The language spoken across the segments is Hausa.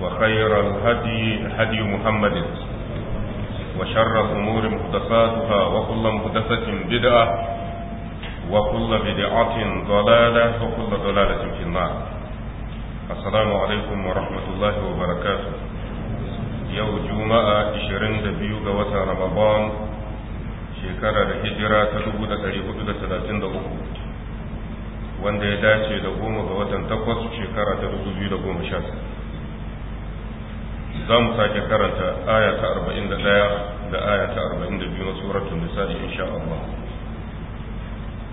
وخير الهدي هدي محمد وشر الأمور محدثاتها وكل محدثة بدعة وكل بدعة ضلالة وكل ضلالة في النار السلام عليكم ورحمة الله وبركاته يوم جمعة 22 ga رمضان Ramadan الهجرة da hijira ta 1433 wanda ya dace da goma ga watan takwas shekara ta 2016 za mu sake karanta aya ta 41 da aya ta 42 na suratul nisa insha Allah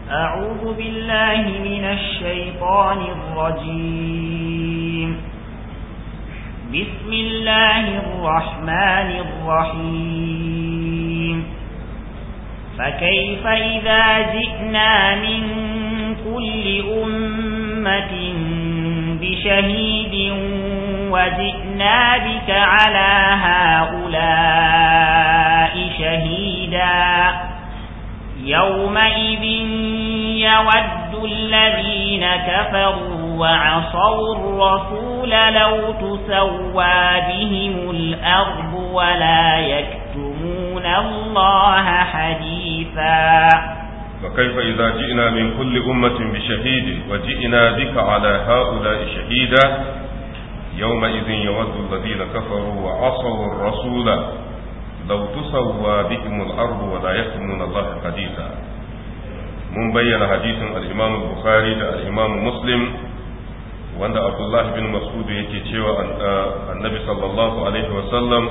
أعوذ بالله من الشيطان الرجيم بسم الله الرحمن الرحيم فكيف إذا جئنا من كل أمة بشهيد وجئنا بك على هؤلاء شهيدا يومئذ يود الذين كفروا وعصوا الرسول لو تسوى بهم الأرض ولا يكفر تحسبون الله حديثا فكيف إذا جئنا من كل أمة بشهيد وجئنا بك على هؤلاء شهيدا يومئذ يود الذين كفروا وعصوا الرسول لو تسوى بهم الأرض ولا يكتمون الله حديثا mun bayyana hadisin al-Imam Bukhari da al-Imam Muslim wanda Abdullah bin Mas'ud yake cewa annabi sallallahu alaihi wasallam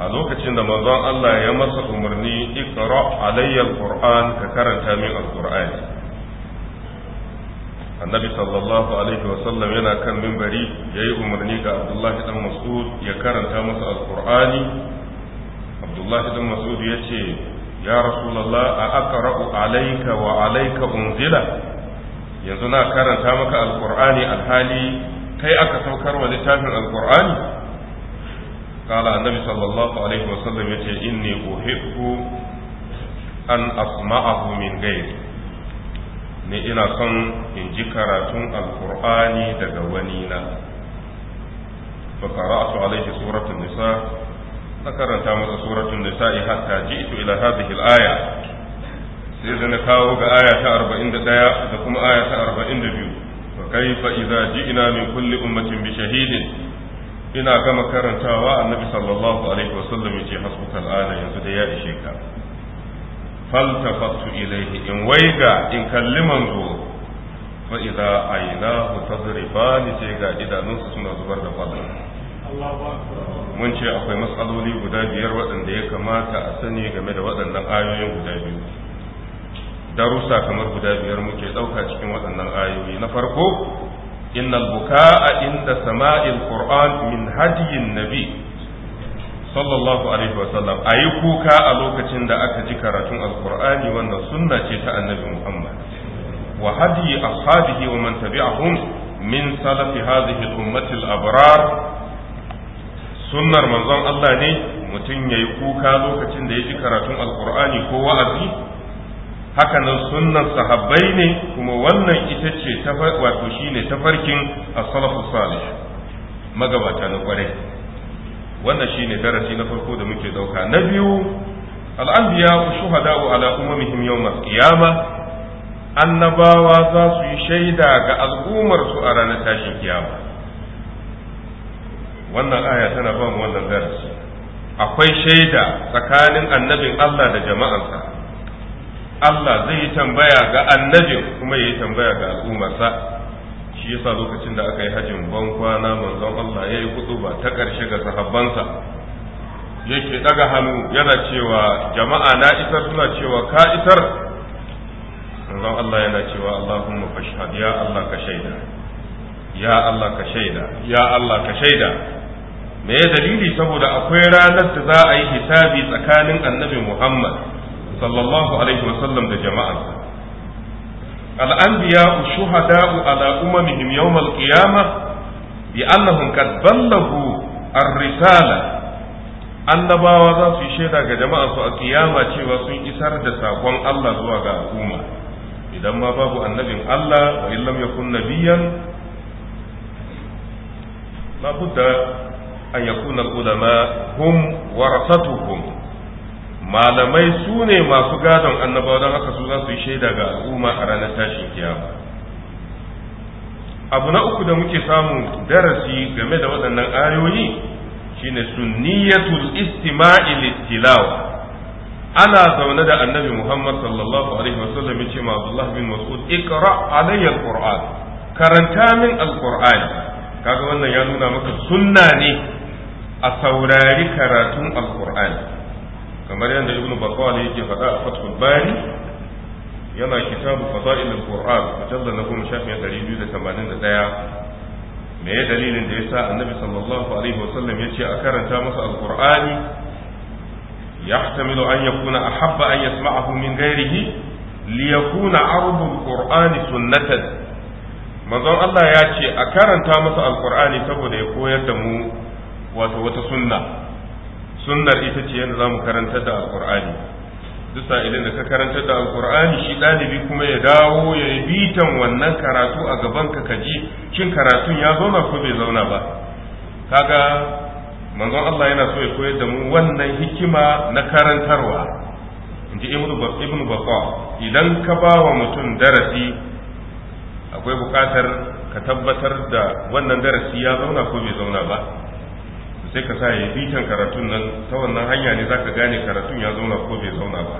a lokacin da manzon Allah ya masa umarni iqra alayya alquran ka karanta min alquran annabi sallallahu alaihi wa sallam yana kan minbari yayi umarni ga Abdullah dan Mas'ud ya karanta masa alqur'ani Abdullah dan Mas'ud yace ya rasulullah a aqra'u alayka wa alayka unzila yanzu na karanta maka alqur'ani alhali kai aka saukar wa littafin alqur'ani قال النبي صلى الله عليه وسلم يتي إني أحب أن أسمعه من غيري ni ina son in ji karatun alkur'ani daga wani na su alaihi suratun nisa na karanta masa suratun nisa nisa'i hatta ji'tu ila hadhihi al-aya sai da na kawo ga aya ta 41 da kuma aya ta 42 fa kaifa idza ji'na min kulli ummatin bi shahidin ina gama karantawa annabi sallallahu alaihi wasallam yace hasbuka al'ala yanzu da ya ishe ka faltafatu ilaihi in waiga in kalli manzo fa idza aynahu ni sai ga idanunsa suna zubar da kwalla mun ce akwai matsaloli guda biyar waɗanda ya kamata a sani game da waɗannan ayoyin guda biyu darussa kamar guda biyar muke ɗauka cikin waɗannan ayoyi na farko إن البكاء عند سماع القرآن من هدي النبي صلى الله عليه وسلم أي كوكا ألوكة عند أكجكرة القرآن وأن السنة النبي محمد وهدي أصحابه ومن تبعهم من سلف هذه الأمة الأبرار sunnar manzon Allah ne mutum ya yi kuka lokacin da ya ji karatun alkur'ani ko wa'azi hakanan sunnan sahabbai ne kuma wannan ita ce wato shine tafarkin as-salafu salih magabata na kwarai wannan shine darasi na farko da muke dauka na biyu al-anbiya wa ala umamihim yawm al-qiyamah annabawa za su yi shaida ga al'ummar su a ranar tashin kiyama wannan aya tana ba mu wannan darasi akwai shaida tsakanin annabin Allah da jama'ansa Allah zai yi tambaya ga annabin kuma ya yi tambaya ga al'ummarsa shi yasa lokacin da aka yi hajjin ban kwana manzon Allah ya yi ba ta ƙarshe ga sahabbansa yake daga hannu yana cewa jama'a na isar suna cewa ka isar manzon Allah yana cewa Allahumma fashhad ya Allah ka shaida ya Allah ka shaida ya Allah ka shaida me dalili saboda akwai ranar da za a yi hisabi tsakanin annabi Muhammad sallallahu alaihi wasallam da jama'arsa الأنبياء شهداء على أممهم يوم القيامة بأنهم قد بلغوا الرسالة annabawa za su yi shaida ga jama'a su a kiyama cewa sun isar da sakon Allah zuwa ga al'umma idan ma babu annabin Allah wa illam yakun nabiyan la budda an yakuna al-ulama hum warasatuhum malamai su ne masu gadon annabawa don haka su za su yi shaida ga al'umma a ranar tashin kiyama abu na uku da muke samu darasi game da waɗannan ayoyi shine sunniyatul istima'i littilawa ana zaune da annabi Muhammad sallallahu alaihi wasallam yace ma Abdullah bin Mas'ud iqra alayya alquran karanta min alquran kaga wannan ya nuna maka sunna ne a saurari karatun alqur'ani kamar yadda ibnu battal yake faɗa a fathul Bani yana kitabu fadail al-qur'an mujallad na goma shafin ɗari biyu da tamanin da ɗaya me ya dalilin da ya sa annabi sallallahu alaihi wasallam ya ce a karanta masa al-qur'ani يحتمل أن يكون an أن يسمعه من غيره ليكون عرض القرآن سنة manzon Allah ya ce a karanta masa al alkur'ani saboda ya koyar da mu wato wata sunna sunnar ita ce yadda zamu karanta da alqur'ani duk idan da ka karanta da alqur'ani shi ɗalibi kuma ya dawo ya yi bitan wannan karatu a gaban ka kaji shin karatun ya zauna ko bai zauna ba kaga manzon Allah yana so ya koyar da mu wannan hikima na karantarwa inji ibnu baqa idan ka ba wa mutum darasi akwai bukatar ka tabbatar da wannan darasi ya zauna ko bai zauna ba sai ka sa ya bitan karatun nan ta wannan hanya ne zaka gane karatun ya zauna ko bai zauna ba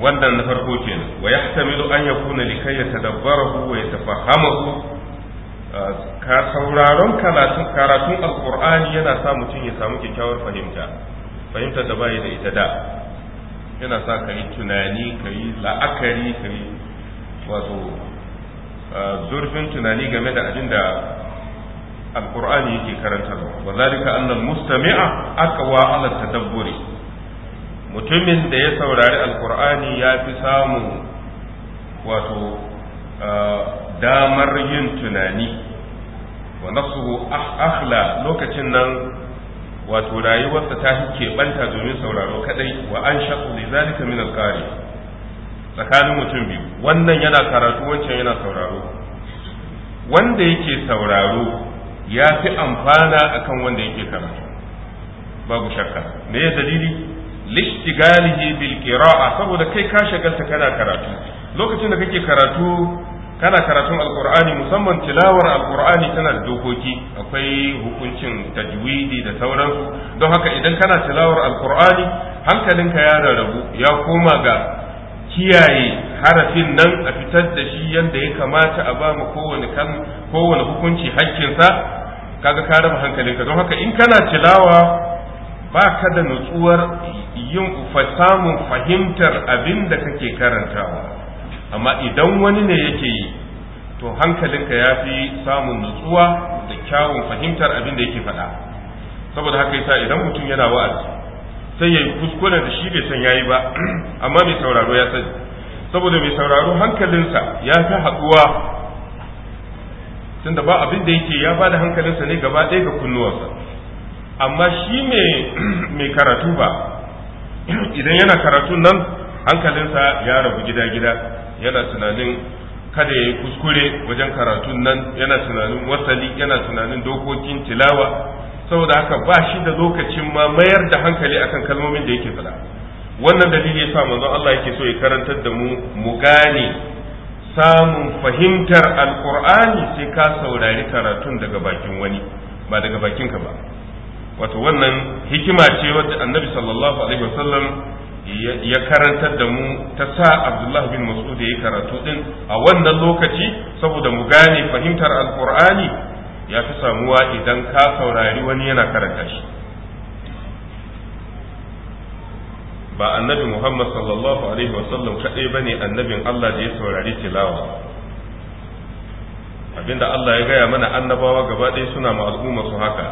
wannan na farko kenan wa yahtamilu an yakuna ya tadabbarahu wa yatafahamahu ah, ka sauraron karatun karatun alqur'ani yana sa mutum ya samu kyakkyawar fahimta fahimtar da bai da ita da yana sa ka yi tunani ka yi la'akari ka yi wato ah, zurfin tunani game da abin da alqur'ani yake karantarwa wa zalika annal mustami'a aqwa ala tadabburi mutumin da ya saurari alqur'ani ya fi samu wato damar yin tunani wa nafsuhu ah, akhla lokacin nan wato rayuwarsa ta hike banta domin sauraro kadai wa an shaqu li zalika min alqari tsakanin mutum biyu wannan yana karatu wancan yana sauraro wanda yake sauraro ya fi amfana a kan wanda yake karatu babu shakka me ya dalili lishtigalihi bil qira'a saboda kai ka shagalta kana karatu lokacin da kake karatu kana karatun alqur'ani musamman tilawar alqur'ani tana da dokoki akwai hukuncin tajwidi da sauransu don haka idan kana tilawar alqur'ani hankalinka ya rarrabu ya koma ga kiyaye harafin nan a fitar da shi yadda ya kamata a ba mu kowane kowane hukunci hakkinsa kaga ka raba hankalinka don haka in kana tilawa ba ka da nutsuwar yin samun fahimtar abin da kake karantawa amma idan wani ne yake yi to hankalinka ya fi samun nutsuwa da kyawun fahimtar abin da yake faɗa saboda haka yasa idan mutum yana wa'azi sai ya yi kuskure da shi bai san yayi ba amma mai sauraro ya sani saboda mai sauraro hankalinsa ya fi haɗuwa tunda ba abin da yake ya ba da hankalinsa ne gaba ɗaya ga kunnuwarsa amma shi mai karatu ba idan yana karatun nan hankalinsa ya rabu gida-gida yana tunanin kada ya yi kuskure wajen karatun nan yana tunanin wasali yana tunanin dokokin tilawa saboda haka ba shi da lokacin ma mayar da hankali akan kalmomin da yake faɗa. wannan dalili yasa manzon Allah yake so ya karantar da mu mu gane samun fahimtar alqur'ani sai ka saurari karatun daga bakin wani ba daga bakinka ba wato wannan hikima ce wadda annabi sallallahu alaihi wasallam ya karantar da mu ta sa abdullahi bin mas'ud ya karatu din a wannan lokaci saboda mu gane fahimtar alqur'ani ya fi samuwa idan ka saurari wani yana karanta shi ba annabi Muhammad sallallahu alaihi wasallam kadai ne annabin Allah da ya saurari tilawa abinda Allah ya gaya mana annabawa gaba ɗaya suna ma al'umma su haka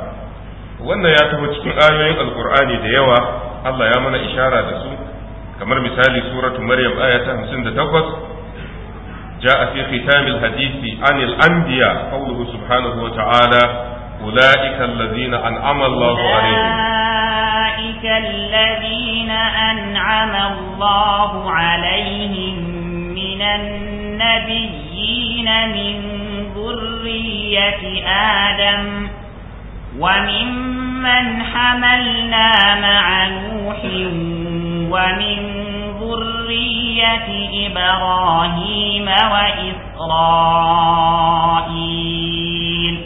wannan ya taho cikin ayoyin alkur'ani da yawa Allah ya mana ishara da su kamar misali suratu maryam aya ta hamsin da takwas جاء في ختام الحديث عن الأنبياء قوله سبحانه وتعالى أولئك الذين أنعم الله عليهم أولئك الذين أنعم الله عليهم من النبيين من ذرية آدم وممن حملنا مع نوح ومن ذرية إبراهيم وإسرائيل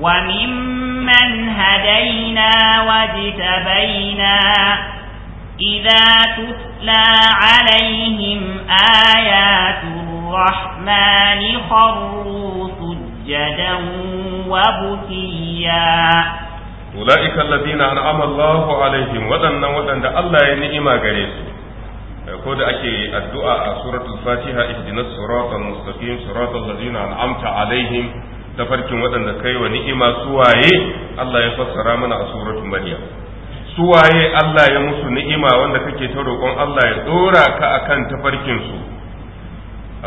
وممن هدينا واجتبينا إذا تتلى عليهم آيات الرحمن خروا سجدا وبكيا أولئك الذين أنعم الله عليهم ودن ودن الله ينعم غريسهم ko da ake addu'a a suratul fatiha ihdinas siratal mustaqim siratal ladzina an'amta alaihim tafarkin waɗanda kai wa ni'ima suwaye Allah ya fassara mana a suratul maryam suwaye Allah ya musu ni'ima wanda kake ta roƙon Allah ya dora ka akan tafarkin su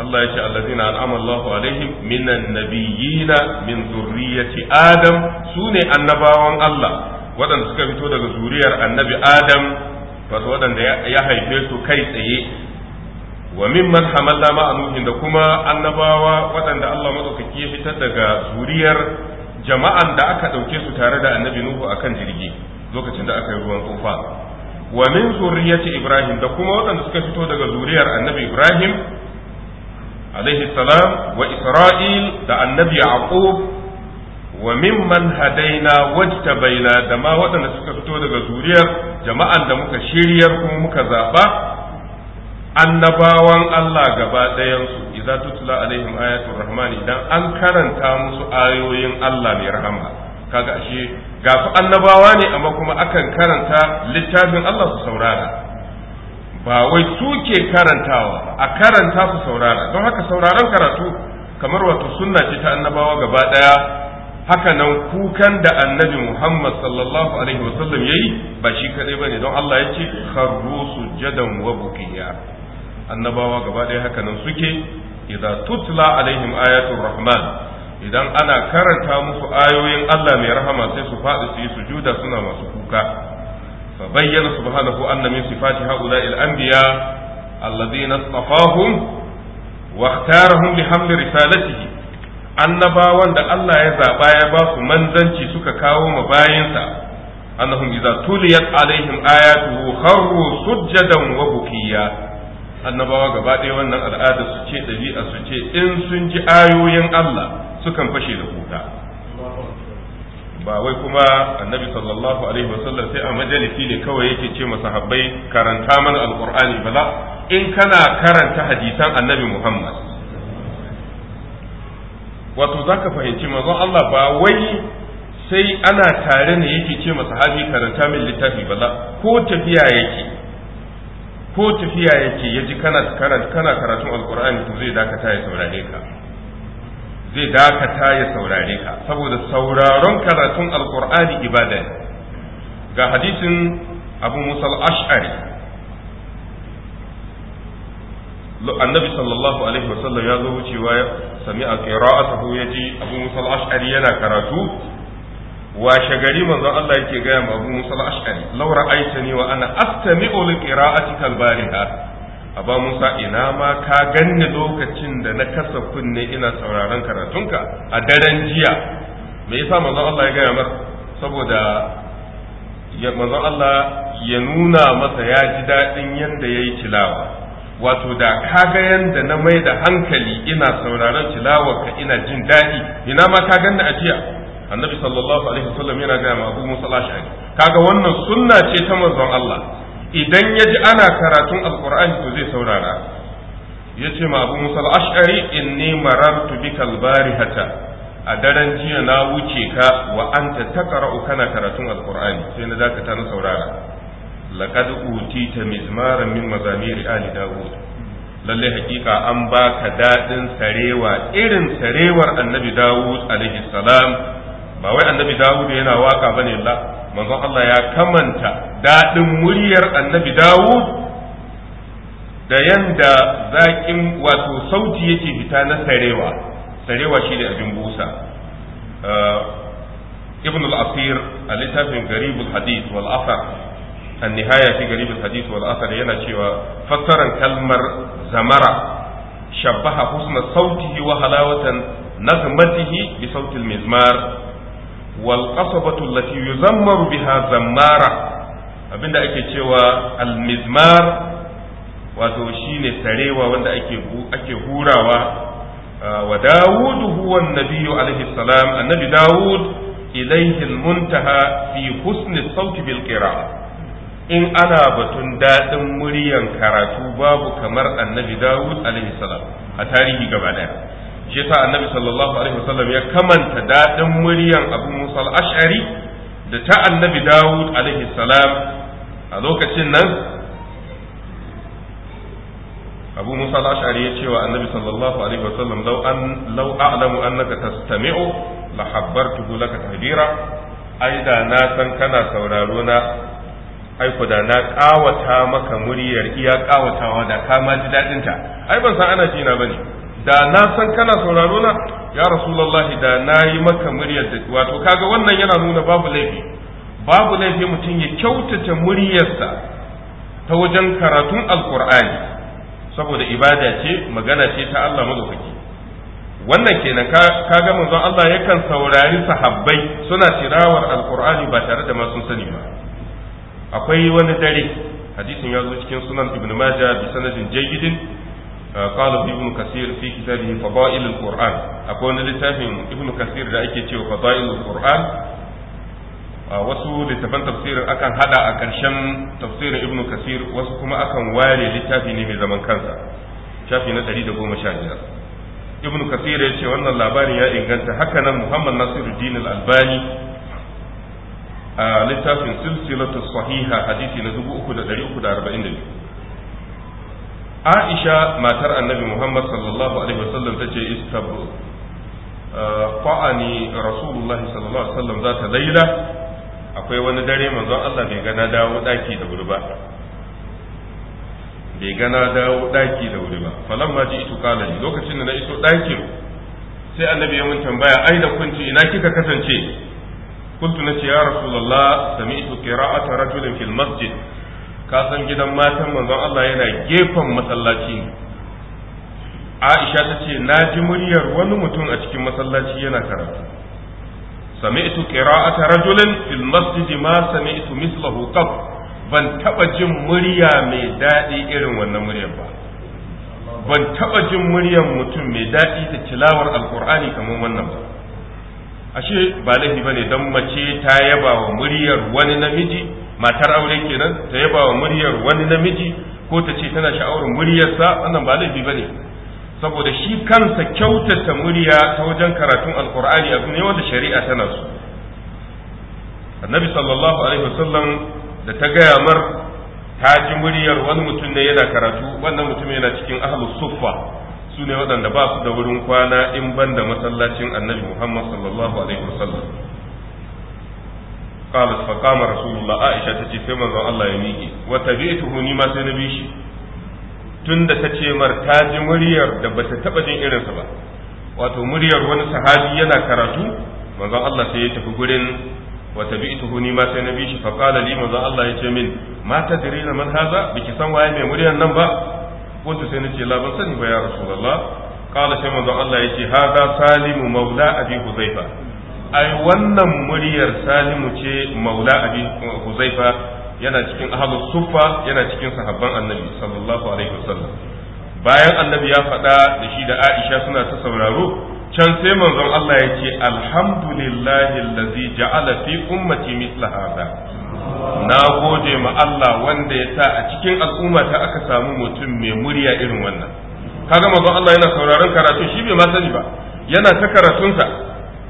Allah ya ce allazina an'ama Allahu alaihim minan nabiyina min zurriyyati adam sune annabawan Allah waɗanda suka fito daga zuriyar annabi adam wato waɗanda ya haife su kai tsaye wa mimman hamalla ma nuhin da kuma annabawa waɗanda Allah madaukaki ya fitar daga zuriyar jama'an da aka ɗauke su tare da annabi nuhu akan jirgi lokacin da aka yi ruwan tsufa wa min zuriyati ibrahim da kuma waɗanda suka fito daga zuriyar annabi ibrahim alaihi salam wa isra'il da annabi yaqub wa mimman hadaina wajtabaina da ma waɗanda suka fito daga zuriyar jama'an da muka shiryar kuma muka zaba annabawan Allah gaba ɗayansu idza tutla alaihim ayatul rahmani idan an karanta musu ayoyin Allah mai rahama kaga ashe ga su annabawa ne amma kuma akan karanta littafin Allah su saurara ba wai su karantawa a karanta su saurara don haka sauraron karatu kamar wato sunna ce ta annabawa gaba ɗaya haka nan kukan da annabi Muhammad sallallahu alaihi wasallam yayi ba shi kadai bane don Allah ya ce kharru sujadan wa bukiya annabawa gaba ɗaya haka nan suke idan tutla alaihim ayatul rahman idan ana karanta musu ayoyin Allah mai rahama sai su faɗi su yi sujuda suna masu kuka fa bayyana subhanahu anna min sifati haula'i al-anbiya alladhina istafahum wa ikhtarahum li hamli risalatihi annabawan da Allah ya zaba ya ba su manzanci suka kawo ma bayinsa annahum idza tuliyat alaihim ayatu kharru sujjadan wa bukiya annabawa gaba ɗaya wannan al'ada su ce ɗabi'a su ce in sun ji ayoyin Allah sukan fashe da kuka ba wai kuma annabi sallallahu alaihi wasallam sai a majalisi ne kawai yake ce masa karanta mana alqur'ani bala in kana karanta hadisan annabi Muhammad wato zaka fahimci manzon Allah ba wai sai ana tare ne yake ce masahabi karanta min littafi bala ko tafiya yake ko tafiya yake ya ji kana kana karatun alkur'ani to zai dakata ya saurare ka zai dakata ya saurare ka saboda sauraron karatun alkur'ani ibada ga hadisin abu musa al-ash'ari annabi sallallahu alaihi wasallam ya zo wucewa sami a qira'atuhu yaji abu musa al-ash'ari yana karatu washe gari manzo Allah yake gaya ma Abu Musa al-Ash'ari law ra'aytani wa ana astami'u li kalbariha Aba Musa ina ma ka ganni lokacin da na kasa kunne ina sauraron karatunka a daren jiya me yasa manzo Allah ya gaya masa saboda ya manzo Allah ya nuna masa ya ji daɗin yanda yayi tilawa wato da ka ga yanda na mai da hankali ina sauraron tilawarka ina jin daɗi ina ma ka ganni a jiya annabi sallallahu alaihi wasallam yana ga ma abu musa al-ash'ari kaga wannan sunna ce ta manzon Allah idan ya ji ana karatun alqur'ani to zai saurara yace ma abu musa al-ash'ari inni marartu bika al-barihata a daren jiya na wuce ka wa anta taqra'u kana karatun alqur'ani sai na dakata na saurara laqad utita mizmaran min mazamiri ali dawud lalle hakika an baka daɗin sarewa irin sarewar annabi dawud alaihi salam ba wai annabi Dawud yana waka bane la manzon Allah ya kamanta dadin muryar annabi Dawud da yanda zakin wato sauti yake fita na sarewa sarewa shi da abin busa uh, ibn al-asir a littafin garibul hadith wal asar yana cewa قريب kalmar zamara shabbaha شوى فسر كلمر زمرة شبه حسن صوته وحلاوة نغمته بصوت المزمار wal qasabatu allati yuzammaru biha zammara abinda ake cewa al mizmar wato shine sarewa wanda ake hurawa wa dawud huwa an alayhi salam annabi dawud ilayhi muntaha fi husni sauti sawt bil in ana batun daɗin muryan karatu babu kamar annabi dawud alaihi salam a tarihi gaba ɗaya shi ta annabi sallallahu alaihi wasallam ya kamanta daɗin muryan abu musa al-ash'ari da ta annabi dawud alaihi salam a lokacin nan abu musa al-ash'ari ya ce wa annabi sallallahu alaihi wasallam law an law a'lamu annaka tastami'u la habbartuhu laka tahdira ai da na san kana sauraro na aiko da na kawata maka muryar iya kawatawa da ka ma ji daɗinta ai ban san ana jina na bane da na san kana sauraro na ya rasulullahi da na yi maka muryar da wato kaga wannan yana nuna babu laifi babu laifi mutum ya kyautata muryarsa ta wajen karatun alkur'ani saboda ibada ce magana ce ta Allah madaukaki wannan kenan kaga zan Allah yakan saurari sahabbai suna tirawar alkur'ani ba tare da masu sani ba akwai wani dare hadisin ya zo cikin sunan ibnu majah bi sanadin jayyidin قال ابن كثير في كتابه فضائل القرآن أكون لتافهم ابن كثير da ake cewa فضائل القرآن wasu littafan tafsirin akan hada a ƙarshen tafsirin ibnu kasir wasu kuma akan ware littafi ne mai zaman kansa shafi na 115 ibnu kasir ya ce wannan labarin ya inganta hakanan muhammad Nasiru nasiruddin al-albani a littafin silsilatu sahiha hadisi na 3342 aisha matar annabi muhammad sallallahu alaihi wasallam ta ce istabu eh, fa'ani rasulullahi sallallahu alaihi wasallam za ta laila akwai wani dare manzo allah bai gana dawo daki da wuri ba bai gana dawo daki da wuri ba falamma ji ito kala lokacin da na iso dakin sai annabi ya mun tambaya ai da kunci ina kika kasance kuntu na ce ya rasulullah sami'tu qira'ata rajulin fil masjid ka san gidan matan manzon Allah yana gefen masallaci Aisha ta ce na ji muryar wani mutum a cikin masallaci yana karatu sami'tu qira'ata rajulin fil masjid ma sami'tu mislahu qab ban taba jin murya mai daɗi irin wannan muryar ba ban taba jin muryar mutum mai daɗi da tilawar alqur'ani kamar wannan ba ashe ba laifi bane dan mace ta yaba wa muryar wani namiji matar aure kenan ta yaba wa muryar wani namiji ko ta ce tana sha'awar muryarsa wannan ba laifi bane saboda shi kansa kyautata murya ta wajen karatun alkur'ani abu ne wanda shari'a tana so annabi sallallahu alaihi wasallam da ta gaya mar ta ji muryar wani mutum ne yana karatu wannan mutum yana cikin ahlus suffa su ne waɗanda ba su da wurin kwana in ban da masallacin annabi Muhammad sallallahu alaihi wasallam قالت فقام رسول الله عائشة تجي في منظر الله يميكي وتبيته نما سنبيشي tunda ta ce mar ta ji muryar da bata taɓa jin irinsa ba wato muryar wani sahabi yana karatu manzon Allah sai ya tafi gurin wa tabi'tuhu ni ma sai na bi shi fa qala li manzon Allah ya ce min ma tadrina man haza biki san waye mai muryar nan ba kuntu sai nace la ban sani ba ya rasulullah qala shi manzon Allah yace hada salimu maula abi huzaifa ai wannan muryar salimu ce maula abi huzaifa yana cikin ahlu suffa yana cikin sahabban annabi sallallahu alaihi wasallam bayan annabi ya faɗa da shi da Aisha suna ta sauraro can sai manzon Allah ya ce alhamdulillahi allazi ja'ala fi ummati mithla hada na gode ma Allah wanda ya sa a cikin al'umma ta aka samu mutum mai murya irin wannan kaga manzon Allah yana sauraron karatu shi bai ma sani ba yana ta karatunsa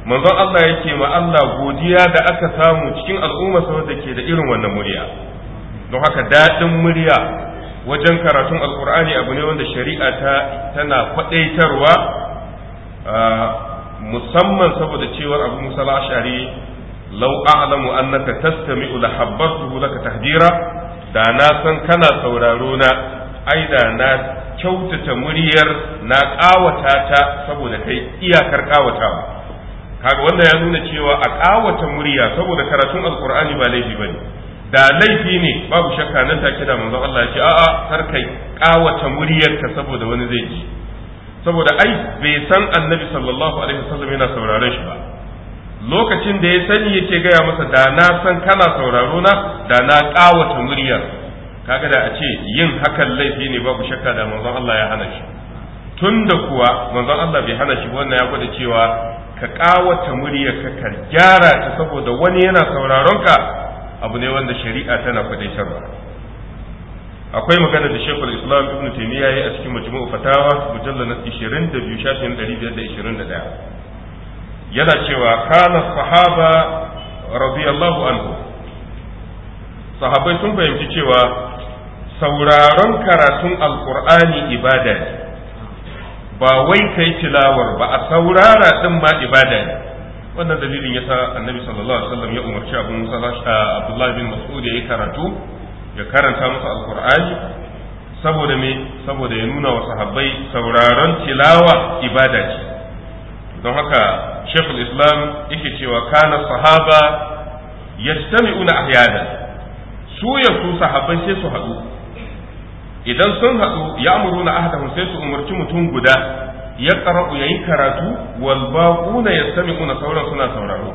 manzon Allah yake ma Allah godiya da aka samu cikin al'umma wanda ke da irin wannan murya don haka daɗin murya wajen karatun alkur'ani abu ne wanda shari'a ta tana kwaɗaitarwa ah, musamman saboda cewar abu musala ashari law a'lamu annaka tastami'u la habbartuhu laka tahjira da na san kana sauraro na ai da na kyautata muryar na ƙawata ta saboda kai iyakar ƙawatawa kaga wanda ya nuna cewa a ƙawata murya saboda karatun Alƙur'ani ba laifi bane da laifi ne babu shakka nan take da manzon Allah ya ce a'a kar kai ƙawata muryarta saboda wani zai ji saboda ai bai san annabi sallallahu alaihi wasallam yana sauraron shi ba lokacin da ya sani yake gaya masa da na san kana sauraro na da na ƙawata muryar kaga da a ce yin hakan laifi ne babu shakka da manzon Allah ya hana shi tun da kuwa manzon Allah bai hana shi wannan ya gwada cewa ka ƙawata muryar ka ka gyara ta saboda wani yana sauraron ka abu ne wanda shari'a tana kwadaitarwa akwai magana da Sheikhul Islam Ibn Taymiyyah ya yi a cikin Majmu'u Fatawa mujallal 22 shafin yana cewa kana sahaba radiyallahu anhu sahabai sun fahimci cewa sauraron karatun alkur'ani ibada ne ba wai kai tilawar ba a saurara din ma ibada ne wannan dalilin yasa annabi sallallahu alaihi wasallam ya umarci abu musa abdullahi bin mas'ud ya yi karatu ya karanta musu alkur'ani saboda me saboda ya nuna wa sahabbai sauraron tilawa ibada ce don haka shekul islam yake cewa kana sahaba una ahyana su yanzu sahabbai sai su haɗu idan sun haɗu ya amuruna ahadahum sai su umarci mutum guda ya ya yi karatu ya baquna una sauran suna sauraro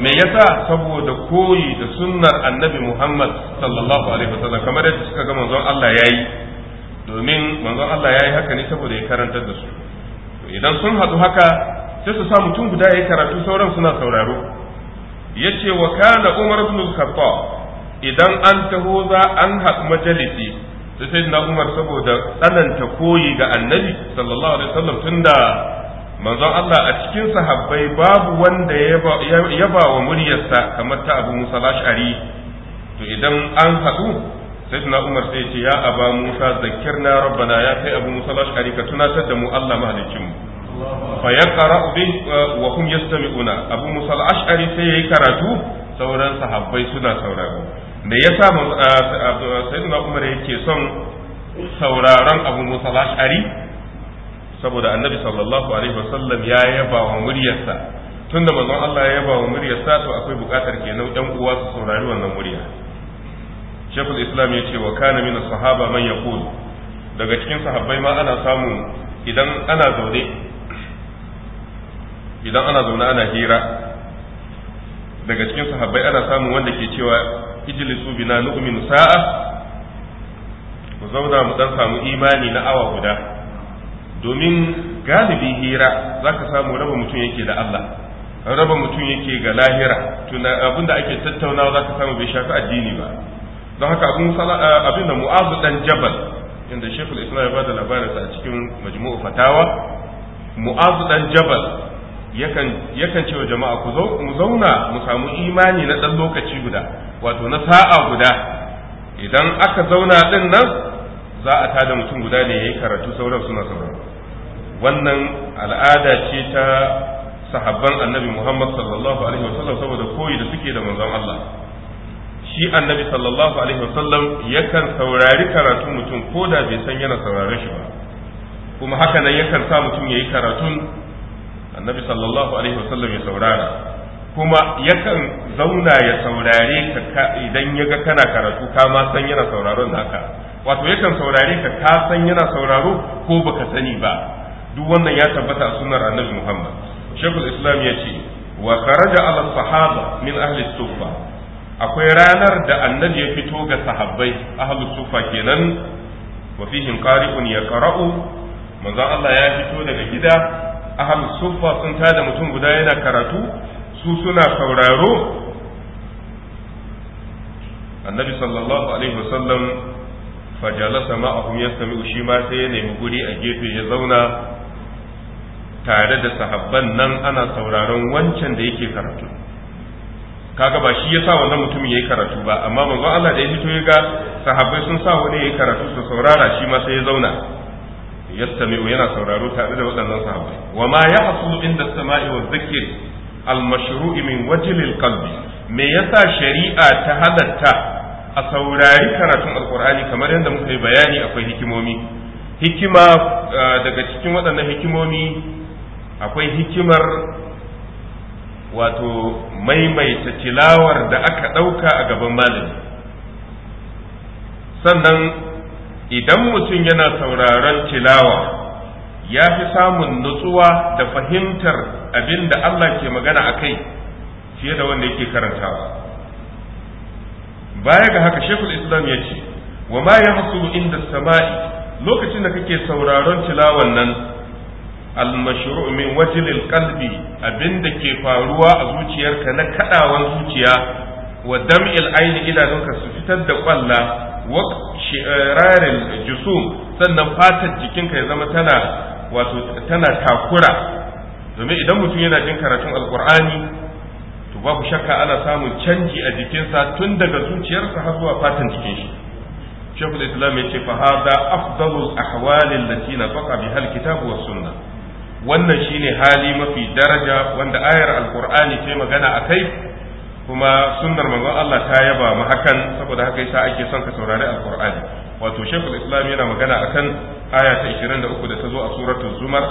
me yasa saboda koyi da sunnar annabi Muhammad sallallahu alaihi wasallam kamar yadda suka ga manzon Allah yayi domin manzon Allah yayi haka ne saboda ya karantar da su idan sun haɗu haka sai su sa mutum guda ya karatu sauran suna sauraro ya ce wa kana umar ibn khattab idan an taho za an haɗu majalisi sai sai na umar saboda tsananta koyi ga annabi sallallahu alaihi wasallam tunda manzon Allah a cikin sahabbai babu wanda ya ba wa muryarsa kamar ta Abu Musa Ash'ari to idan an haɗu sayyidina Umar sai ce ya aba Musa zakirna rabbana ya kai Abu Musa Lashari, ka tunatar da mu Allah mahaliccin mu fa yaqra bi wa hum yastami'una abu musa al-ash'ari sai yayi karatu sauran sahabbai suna sauraro me yasa sayyidina umar yake son sauraron abu musa ashari saboda annabi sallallahu alaihi wasallam ya yaba wa muryarsa tunda manzon Allah ya yaba wa muryarsa to akwai bukatar kenan ɗan uwa su saurari wannan murya shekul islam ya ce wa kana min sahaba man yaqul daga cikin sahabbai ma ana samu idan ana zaune idan ana zaune ana hira daga cikin sahabbai ana samun wanda ke cewa ijlisu bina nu'minu sa'a ku zauna mu dan samu imani na awa guda domin galibi hira zaka samu raba mutum yake da Allah raba mutum yake ga lahira tuna abinda ake tattaunawa zaka samu bai shafi addini ba don haka abin abin da mu'az dan jabal inda shekul islam ya bada labarin a cikin majmu'u fatawa mu'azu dan jabal yakan ce wa jama'a ku zo mu zauna mu samu imani na ɗan lokaci guda wato na sa'a guda idan aka zauna ɗin nan za a tada mutum guda ne ya yi karatu sauran suna wannan al'ada ce ta sahabban annabi muhammad sallallahu alaihi wasallam saboda koyi da suke da manzon allah shi annabi sallallahu alaihi wasallam yakan saurari karatun mutum ko da bai san yana saurare shi ba kuma haka nan yakan sa mutum ya yi karatun annabi sallallahu alaihi wasallam ya saurara kuma yakan zauna ya saurare ka idan ya ga kana karatu ka ma san yana sauraron naka wato yakan saurare ka ka san yana sauraro ko baka sani ba duk wannan ya tabbata a sunnar annabi Muhammad shekul islam ya ce wa kharaja ala sahaba min ahli sufa akwai ranar da annabi ya fito ga sahabbai ahli sufa kenan wa fihim qari'un yaqra'u manzon Allah ya fito daga gida ahal suffa sun tada mutum guda yana karatu su suna sauraro annabi sallallahu alaihi wasallam fajalasa ma'ahum yastami'u shi ma sai ya nemi guri a gefe ya zauna tare da sahabban nan ana sauraron wancan da yake karatu kaga ba shi yasa wannan mutumin yayi karatu ba amma manzo Allah da ya fito ya ga sahabbai sun sa wani yayi karatu su saurara shi ma sai ya zauna yastami'u yana sauraro tare da waɗannan sahabbai wa ma yahsulu inda sama'i wa dhikr al-mashru'i min wajhil qalbi me yasa shari'a ta halatta a saurari karatun alqur'ani kamar yadda muka yi bayani akwai hikimomi hikima ah, daga cikin waɗannan hikimomi akwai hikimar wato maimaita tilawar da aka ɗauka a gaban malami sannan idan mutum yana sauraron tilawa ya fi samun nutsuwa da fahimtar abin da Allah ke magana a kai fiye da wanda yake karantawa baya ga haka shekul islam ya ce wa ma ya hasulu inda sama'i lokacin da kake sauraron tilawan nan almashuru min wajilil qalbi abinda ke faruwa a zuciyarka na kaɗawan zuciya wa dam'il aini idanunka su fitar da kwalla shirarin eh, jisu sannan fatar jikinka ya zama tana wato tana takura domin idan mutum yana jin karatun alkur'ani to babu shakka ana samun canji a jikinsa tun daga zuciyarsa har zuwa fatan jikin shi shekul islam ya ce fa hada afdalul ahwali allati nafaqa biha alkitab was sunna wannan shine hali mafi daraja wanda ayar alkur'ani ce magana akai kuma sunnar manzon Allah ta yaba mu hakan saboda haka yasa ake son ka saurari alqur'ani wato shaykhul islam yana magana akan aya ta 23 da ta zo a suratul zumar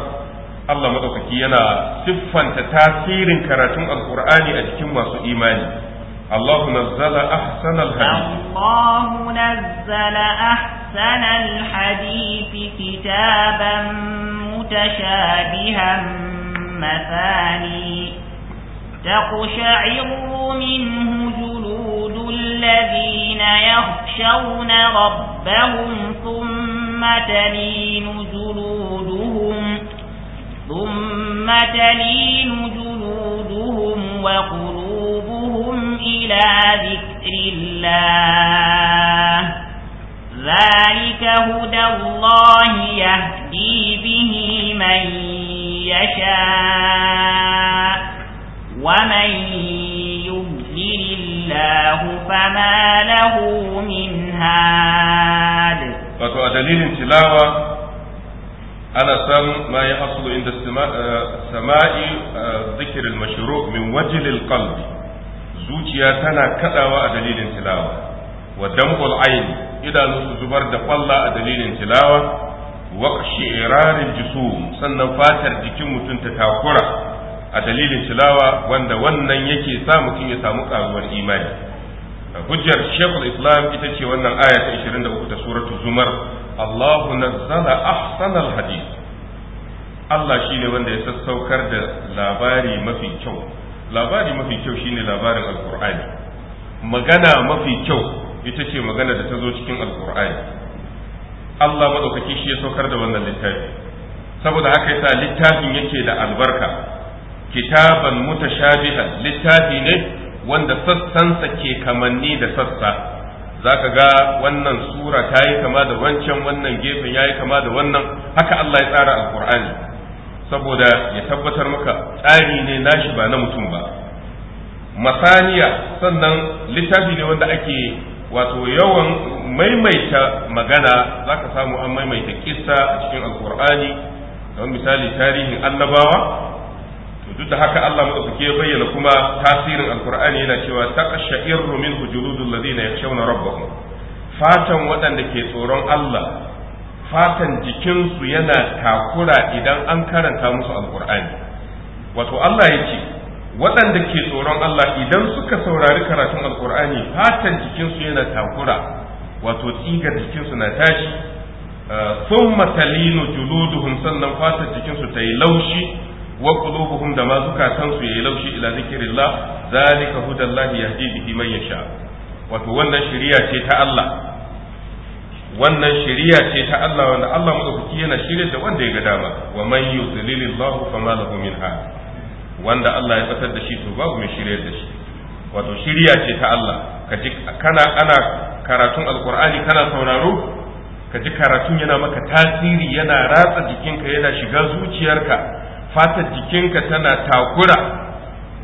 Allah madaukaki yana siffanta tasirin karatun alqur'ani a cikin masu imani Allah nazzala أحسن الحديث الله نزل أحسن الحديث كتابا متشابها مثاني تقشعر منه جلود الذين يخشون ربهم ثم تلين جلودهم ثم تلين جلودهم وقلوبهم إلى ذكر الله ذلك هدى الله يهدي به من يشاء ومن يضلل الله فما له من هاد wato a dalilin tilawa ana san ma ya inda eh, sama'i eh, zikirin mashiro min wajilil qalbi zuciya tana kaɗawa a dalilin tilawa wa damqul aini idanu su zubar da kwalla a dalilin tilawa wa shi'rarin jisum sannan fatar jikin mutum ta takura a dalilin tilawa wanda wannan yake sa mutum ya samu karuwar imani hujjar shekul islam ita ce wannan aya ta 23 ta suratu zumar allahu nazzala ahsanal hadith allah shine wanda ya sassaukar da labari mafi kyau labari mafi kyau shine labarin alqur'ani magana mafi kyau ita ce magana da ta zo cikin alqur'ani allah madaukaki shi ya saukar da wannan littafi saboda haka yasa littafin yake da albarka kitaban mutashabihan littafi ne wanda sassansa ke kamanni da sassa zaka ga wannan sura ta yi kama da wancan wannan gefen ya yi kama da wannan haka Allah ya tsara alkur'ani saboda ya tabbatar maka tsari ne nashi ba na mutum ba masaniya sannan littafi ne wanda ake wato yawan maimaita magana zaka samu an maimaita kissa a cikin alkur'ani don misali tarihin annabawa duk da haka Allah madaukake ya bayyana kuma tasirin alqur'ani yana cewa taqsha'irru minhu juludul ladina yakhshawna rabbahum fatan waɗanda ke tsoron Allah fatan jikinsu yana takura idan an karanta musu alqur'ani wato Allah ya ce waɗanda ke tsoron Allah idan suka saurari karatun alqur'ani fatan jikinsu yana takura wato tsigar jikinsu na tashi thumma talinu juluduhum sannan fatan jikinsu ta yi laushi wa qulubuhum da ma zukatan su yayi laushi ila zikrillah zalika hudallahi yahdi bihi man yasha wato wannan shari'a ce ta Allah wannan shari'a ce ta Allah wanda Allah madaukaki yana shirye da wanda ya ga dama wa man yuzlilillahu fama lahu min hadi wanda Allah ya fatar da shi to babu mai shirye da shi wato shari'a ce ta Allah ka ji kana ana karatun alqur'ani kana sauraro ka ji karatun yana maka tasiri yana ratsa jikinka yana shiga zuciyarka fatar jikinka tana takura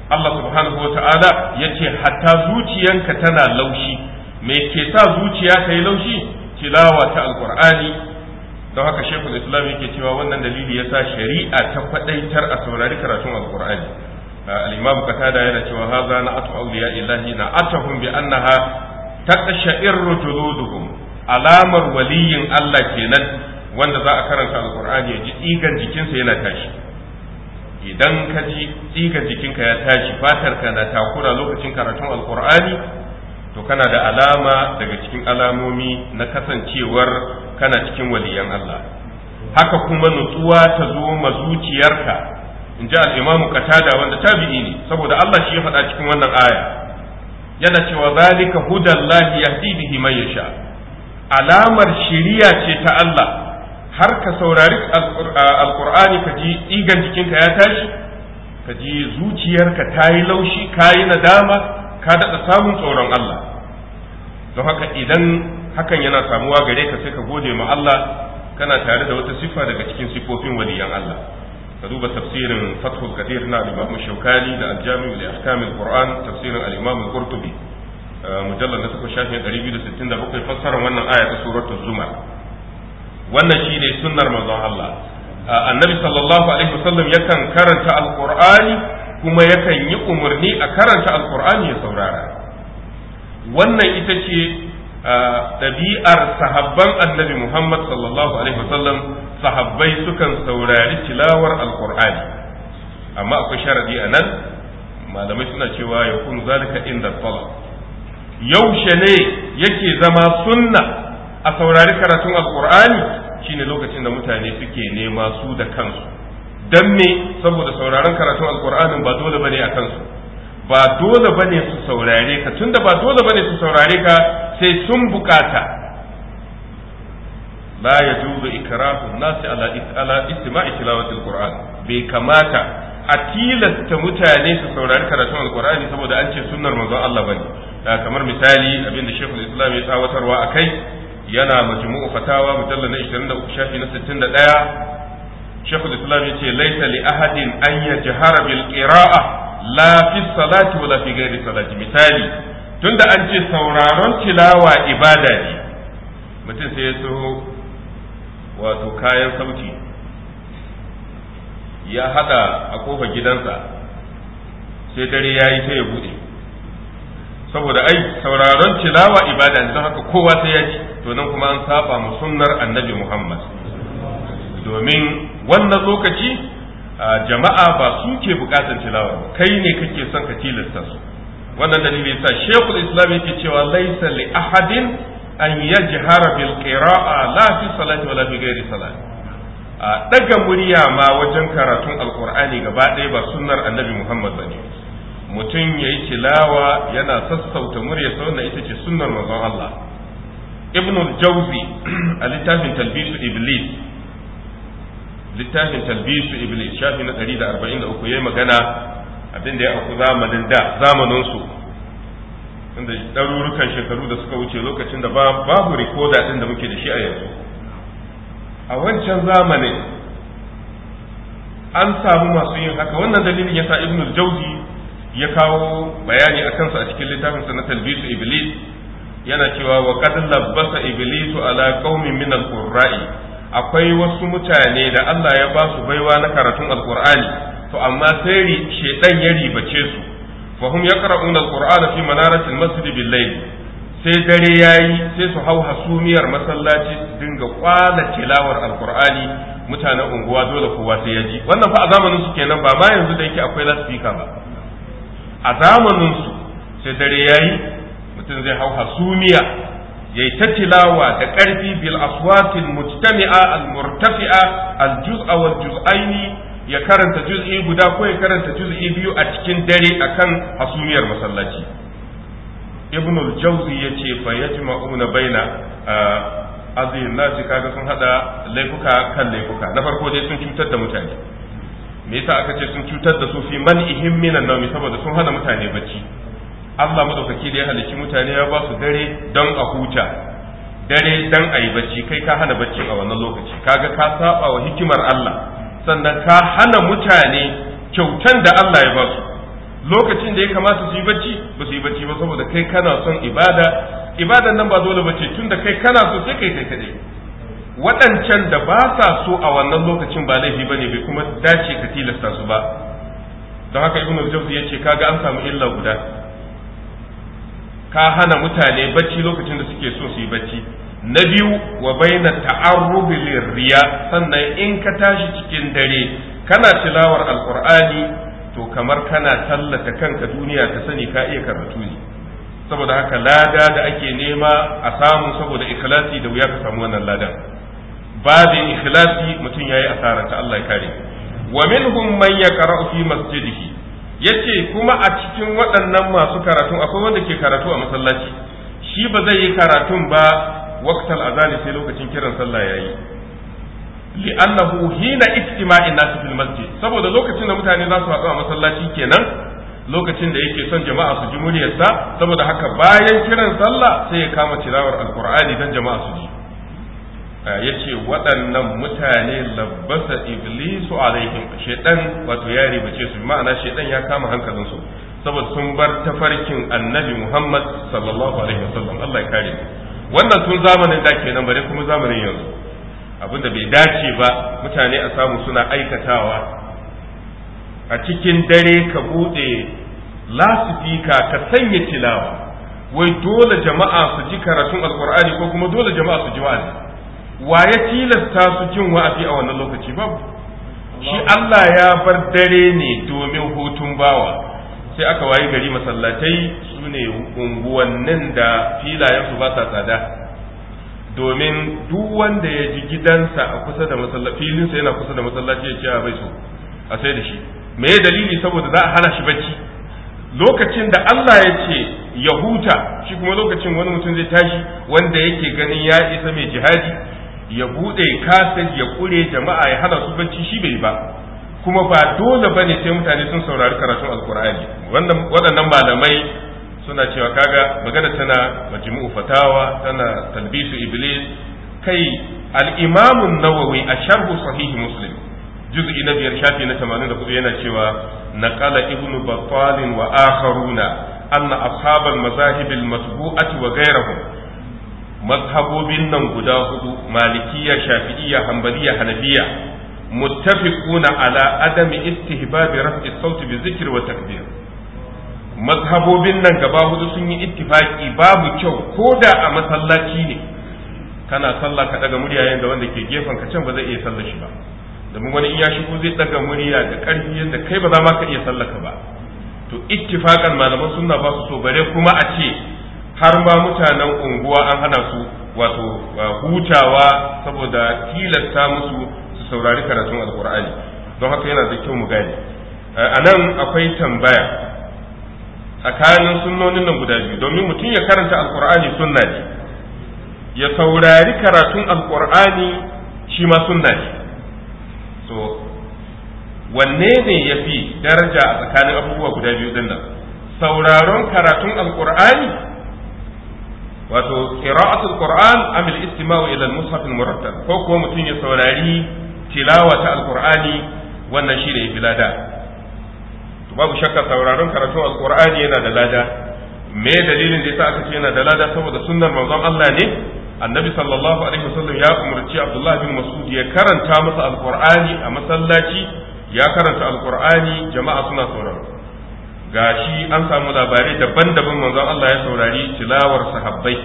Allah subhanahu wata'ala ya ce hatta zuciyanka tana laushi me ke sa zuciya ta yi laushi tilawa ta alkur'ani don haka shekul islam yake cewa wannan dalili ya sa shari'a ta kwadaitar a saurari karatun alkur'ani al-imam qatada yana cewa haza na atu awliya illahi na atahum bi annaha taqsha'irru juluduhum alamar waliyin Allah kenan wanda za a karanta alkur'ani ya ji ɗigan jikinsa yana tashi idan ka ji tsigar jikinka ya tashi fatarka na takura lokacin karatun alkur'ani to kana da alama daga cikin alamomi na kasancewar kana cikin waliyan Allah haka kuma nutsuwa ta zo ma zuciyarka in ji al'imamu katada wanda tabi'i ne saboda Allah shi ya faɗa cikin wannan aya yana cewa zalika hudallahi yahdi bihi man yasha alamar shiriya ce ta Allah har ka saurari alkur'ani ka ji igan jikinka ya tashi ka ji zuciyarka ta yi laushi ka yi nadama ka daɗa samun tsoron Allah don haka idan hakan yana samuwa gare ka sai ka gode ma Allah kana tare da wata siffa daga cikin siffofin waliyan Allah ka duba tafsirin fathul kadir na al-imam shaukani da al-jami'u li ahkam al-qur'an tafsirin al-imam al-qurtubi mujallad na 1267 fassarar wannan aya ta suratul zumar wannan shine sunnar manzon Allah annabi sallallahu alaihi wasallam yakan karanta alqur'ani kuma yakan yi umarni a karanta alqur'ani ya saurara wannan ita ce ɗabi'ar sahabban annabi Muhammad sallallahu alaihi wasallam sahabbai sukan saurari tilawar alqur'ani amma akwai sharadi a nan malamai suna cewa ya kun zalika inda talab yaushe ne yake zama sunna a saurari karatun alqur'ani shine lokacin da mutane suke nema su da kansu dan me saboda sauraron karatun alqur'anin ba dole bane a kansu ba dole bane su saurare ka tunda ba dole bane su saurare ka sai sun bukata la yajuzu ikrahu nasi ala ala istima'i tilawati alqur'an bai kamata a tilasta mutane su saurari karatun alqur'ani saboda an ce sunnar manzon Allah bane kamar misali abinda shekul islam ya tsawatarwa akai yana majmu'u fatawa mujallal na 23 shafi na 61 shaykhul islam yace laita li ahadin an yajhara bil qira'a la fi salati wala fi ghairi salati misali tunda an ce sauraron tilawa ibada ne mutum sai ya so wato kayan sauti ya hada a kofar gidansa sai dare yayi sai ya bude saboda ai sauraron tilawa ibada ne don haka kowa sai ya ji to nan kuma an saba mu sunnar annabi Muhammad domin wannan lokaci jama'a ba su ke bukatar tilawa kai ne kake son ka tilasta su wannan dalili yasa shekul islam yake cewa laisa li ahadin an yajhara bil qira'a la fi salati wala fi ghairi salati a daga murya ma wajen karatun alqur'ani gaba ɗaya ba sunnar annabi Muhammad bane mutum yayi tilawa yana sassauta murya wannan ita ce sunnar manzon Allah ابن الجوزي a littafin talbisu تلبيس littafin talbisu shafi na 143 yayi magana abin da ya auku zamanin da zamanin inda ɗarurukan shekaru da suka wuce lokacin da babu rikoda din da muke da shi a yanzu a wancan zamanin an samu masu yin haka wannan dalilin yasa ibn al-jawzi ya kawo bayani a kansa a cikin littafinsa na talbisu iblis yana cewa wa qad labbasa iblisu ala qaumin min alqurra'i akwai wasu mutane da Allah ya ba su baiwa na karatun alqur'ani to amma sai shedan ya ribace su fa hum yaqra'una alqur'ana fi manaratil masjid bil layl sai dare yayi sai su hau hasumiyar masallaci dinga kwala tilawar alqur'ani mutanen unguwa dole kowa sai yaji wannan fa a zamanin su kenan ba ma yanzu da yake akwai lasfika ba a zamanin su sai dare yayi mutum zai hau hasumiya yayi ta tilawa da ƙarfi bil aswatin mujtami'a al murtafi'a al juz'a wal juz'aini ya karanta juz'i guda ko ya karanta juz'i biyu a cikin dare akan hasumiyar masallaci ibn al jawzi yace fa yajma'una baina azihin nasi kaga sun hada laifuka kan laifuka na farko dai sun cutar da mutane me yasa aka ce sun cutar da su fi man ihim minan naumi saboda sun hana mutane bacci Allah madaukaki da ya halicci mutane ya ba su dare don a huta dare don a yi bacci kai ka hana bacci a wannan lokaci kaga ka saba wa hikimar Allah sannan ka hana mutane kyautan da Allah ya ba su lokacin da ya kamata su yi bacci ba su yi bacci ba saboda kai kana son ibada ibadan nan ba dole bace da kai kana so sai kai kai waɗancan da ba sa so a wannan lokacin ba laifi ne bai kuma dace ka tilasta su ba don haka ibnu jawzi yace kaga an samu illa guda ka hana mutane bacci lokacin da suke so su yi bacci na biyu wa baina ta'arrubi lirriya sannan in ka tashi cikin dare kana tilawar alqur'ani to kamar kana tallata kanka duniya ta sani ka iya karatu ne saboda haka lada da ake nema a samu saboda ikhlasi da wuya ka samu wannan lada ba da ikhlasi mutum yayi asarar ta Allah ya kare wa minhum man yaqra'u fi masjidihi yace kuma a cikin waɗannan masu karatu akwai wanda ke karatu a masallaci shi ba zai yi karatun ba waqtal azani sai lokacin kiran sallah yayi li'annahu hina ijtima'in nas fil masjid saboda lokacin da mutane za su haɗu a masallaci kenan lokacin da yake son jama'a su ji muryarsa saboda haka bayan kiran sallah sai ya kama tilawar alqur'ani dan jama'a su ji Ya ce waɗannan mutane labbasa iblisu alaihim shaitan wato ya ribace su ma'ana shaitan ya kama hankalin su saboda sun bar tafarkin annabi Muhammad sallallahu alaihi wasallam Allah ya kare wannan tun zamanin da kenan bare kuma zamanin yanzu abinda bai dace ba mutane a samu suna aikatawa a cikin dare ka bude lasifika ka sanya tilawa wai dole jama'a su ji karatun alkur'ani ko kuma dole jama'a su ji wa'azi wa ya tilasta su jin wa'azi a wannan lokaci babu shi Allah ya bar dare ne domin hutun bawa sai aka wayi gari masallatai su ne unguwannin da filayensu ba sa tsada domin duk wanda ya ji gidansa a kusa da masallaci filinsa yana kusa da masallaci ya ce a ah, bai so a sai da shi me ya dalili saboda za a hana shi bacci lokacin da Allah ya ce ya huta shi kuma lokacin wani mutum zai tashi wanda yake ganin ya isa mai jihadi ya bude kasar ya kure jama'a ya hana su bacci shi bai ba kuma ba dole bane sai mutane sun saurari karatun alkur'ani waɗannan malamai suna cewa kaga magana tana majmu'u fatawa tana talbisu iblis kai al-imam nawawi a sharhu sahihi muslim juz'i na biyar shafi na 84 yana cewa naqala ibnu battal wa akharuna anna ashabal mazahib al-masbu'ati wa ghayrihim mazhabobin nan guda hudu malikiya shafi'iyya hanbaliya hanabiya muttafiquna ala adami istihbab raf'i sauti bi zikr wa takbir mazhabobin nan gaba hudu sun yi ittifaki babu kyau ko da a masallaci ne kana sallah ka daga murya yanda wanda ke gefen ka can ba zai iya sallar shi ba domin wani in ya shigo zai daga murya da karfi yanda kai ba za ma ka iya sallaka ba to ittifaqan malaman sunna ba su so bare kuma a ce har ma mutanen unguwa an hana su wato hutawa saboda tilasta musu su saurari karatun alkur'ani don haka yana da kyau mu gane a nan akwai tambaya tsakanin sunnonin nan guda biyu domin mutum ya karanta alkur'ani sunna ne ya saurari karatun alkur'ani shi ma sunna ne so wanne ne ya fi daraja a tsakanin abubuwa guda biyu din nan sauraron karatun alkur'ani wato qira'atul qur'an am al-istima'u ila al-mushaf al ko kuma mutum ya saurari tilawa ta al-qur'ani wannan shine yafi to babu shakka sauraron karatun al-qur'ani yana da lada me dalilin da yasa aka ce yana da lada saboda sunnar manzon Allah ne annabi sallallahu alaihi wasallam ya umarci Abdullah bin Mas'ud ya karanta masa al-qur'ani a masallaci ya karanta al-qur'ani jama'a suna sauraro ga shi an samu labarai daban-daban manzon Allah ya saurari tilawar sahabbai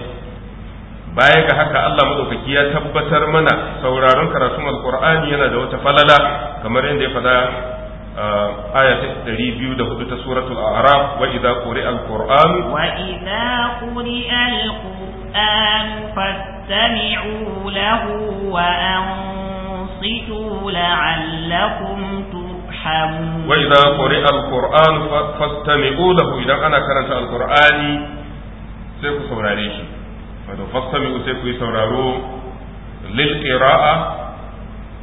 baya ga haka Allah madaukaki ya tabbatar mana sauraron karatun alqur'ani yana da wata falala kamar yadda ya faɗa آية ah, 204 ta suratul a'raf wa idza quri'a al-qur'an wa idza quri'a al-qur'an fastami'u lahu wa ansitu حم وإذا قرئ القرآن فاستمعوا له إذا أنا sai القرآن سيكو سوراريشي فاستمعوا سيكو سورارو للقراءة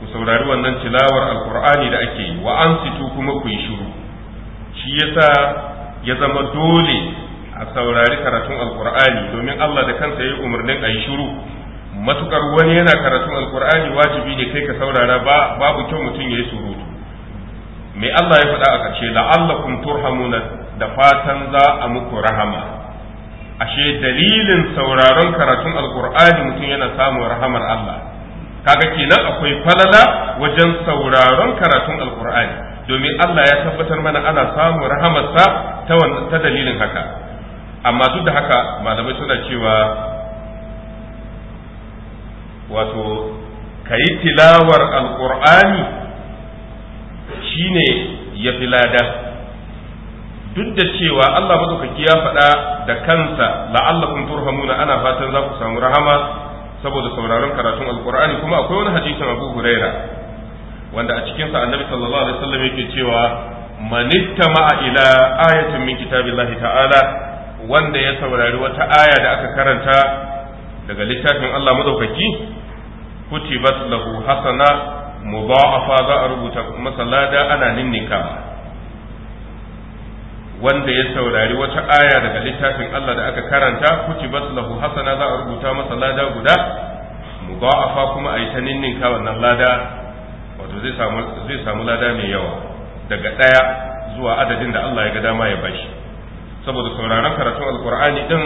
ku saurari wannan tilawar alkur'ani da ake yi wa kuma ku yi shiru shi yasa ya zama dole a saurari karatun alkur'ani domin Allah da kansa ya yi umarnin a yi shiru matukar wani yana karatun alkur'ani wajibi ne kai ka saurara babu kyau mutum ya yi surutu me Allah ya faɗa aka ce la'allakum turhamuna da fatan za a muku rahama ashe dalilin sauraron karatun alkur'ani mutum yana samun rahamar Allah kaga kenan akwai falala wajen sauraron karatun alkur'ani domin Allah ya tabbatar mana ana samun rahamarsa ta ta dalilin haka amma duk da haka malamai suna cewa wato kayi tilawar alkur'ani shine ya fi lada duk da cewa Allah madaukaki ya faɗa da kansa la'allakum turhamuna ana fatan za ku samu rahama saboda sauraron karatun alkur'ani kuma akwai wani hadisin Abu Huraira wanda a cikin sa Annabi sallallahu alaihi wasallam yake cewa manittama ila ayatin min kitabillahi ta'ala wanda ya saurari wata aya da aka karanta daga littafin Allah madaukaki kutibat lahu hasana mubaafa za a rubuta masa lada ana ninnika wanda ya saurari wata aya daga littafin Allah da aka karanta kutibat lahu hasana za a rubuta masa lada guda mubaafa kuma a yi ta ninninka wannan lada wato zai samu lada mai yawa daga ɗaya zuwa adadin da Allah ya ga dama ya bashi saboda sauraron karatun alkur'ani din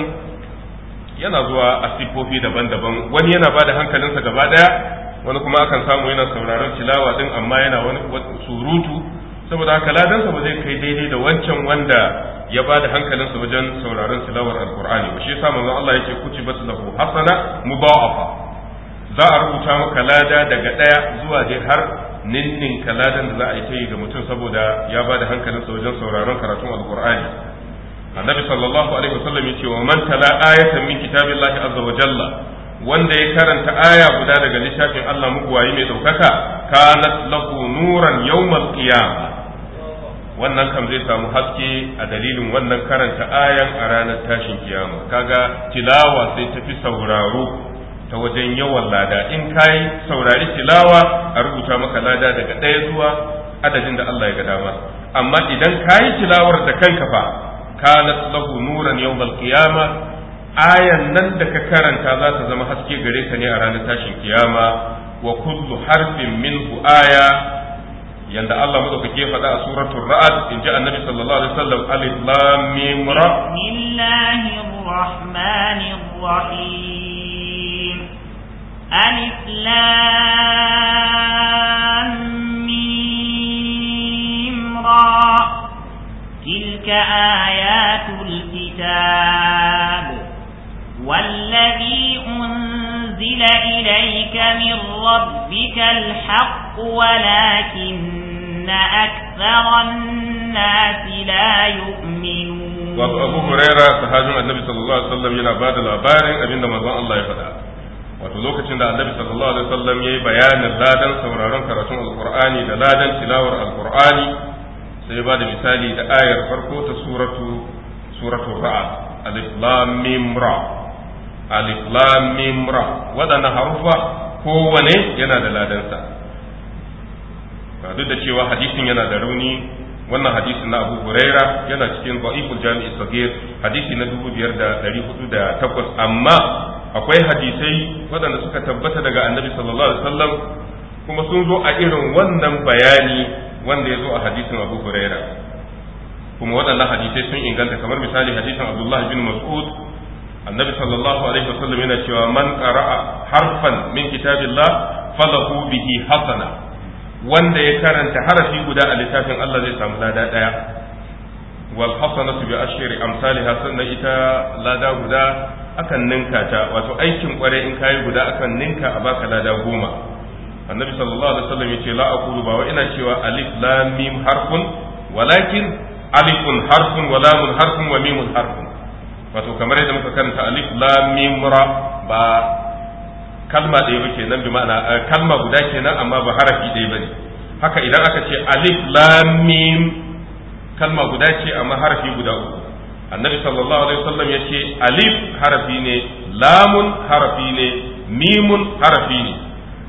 yana zuwa a sifofi daban-daban wani yana ba da hankalinsa gaba ɗaya. wani kuma akan samu yana sauraron tilawa din amma yana wani surutu saboda haka ladansa ba zai kai daidai da wancan wanda ya ba da hankalinsa wajen sauraron tilawar alkur'ani ba shi yasa manzon Allah yake kutibat lahu hasana mudha'afa za a rubuta maka lada daga ɗaya zuwa dai har ninnin kaladan da za a yi ta yi ga mutum saboda ya ba da hankalinsa wajen sauraron karatun alkur'ani annabi sallallahu alaihi عليه وسلم wa ومن تلا آية min كتاب azza wa jalla wanda ya karanta aya guda daga littafin Allah mugwayi mai ɗaukaka kanat lahu nuran yawmal qiyama wannan kam zai samu haske a dalilin wannan karanta ayan a ranar tashin kiyama kaga tilawa sai tafi sauraro ta wajen yawan lada in kayi saurari tilawa a rubuta maka lada daga ɗaya zuwa adadin da Allah ya ga dama amma idan kayi tilawar da kanka fa kanat lahu nuran yawmal qiyama ayan nan da ka karanta za ta zama haske gare ka ne a ranar tashin kiyama wa kullu harfin minhu aya yanda Allah madaukake ya faɗa a suratul ra'ad in ji annabi sallallahu alaihi wasallam alif lam mim ra bismillahir rahmanir rahim alif lam mim ra tilka ayatul kitab والذي أنزل إليك من ربك الحق ولكن أكثر الناس لا يؤمنون وابو أبو هريرة صحابي النبي صلى الله عليه وسلم يلا بعد الأبار أبين رمضان الله يفتح wato lokacin da annabi sallallahu alaihi wasallam yayi bayanin ladan sauraron karatun alqur'ani da ladan tilawar alqur'ani sai ba da misali da ayar farko ta suratu suratu ra'd alif lam mim ra alif lam mim ra waɗannan harufa kowane yana da ladansa duk da cewa hadisin yana da rauni wannan hadisin na Abu Huraira yana cikin Da'iful Jami'i Sagir hadisi na takwas amma akwai hadisai waɗanda suka tabbata daga Annabi sallallahu alaihi wasallam kuma sun zo a irin wannan bayani wanda ya zo a hadisin Abu Huraira kuma waɗannan hadisai sun inganta kamar misali hadisin Abdullah bin Mas'ud annabi sallallahu alaihi wasallam yana cewa man qara'a harfan min kitabillah falahu bihi hasana wanda ya karanta harafi guda a littafin Allah zai samu lada daya wal hasanatu bi ashri amsalha sannan ita lada guda akan ninka ta wato aikin kware in kayi guda akan ninka a baka lada goma annabi sallallahu alaihi wasallam yace la aqulu ba wa ina cewa alif lam harfun walakin alifun harfun wa harfun wa mimun harfun wato kamar yadda muka karanta alif lam mim ra ba kalma ɗaya ba kenan bi ma'ana eh, kalma guda kenan amma ba harafi ɗaya bane haka idan aka ce alif lam mim kalma guda ce amma harafi guda uku annabi sallallahu alaihi wasallam ce alif harafi ne lamun harafi ne mimun harafi ne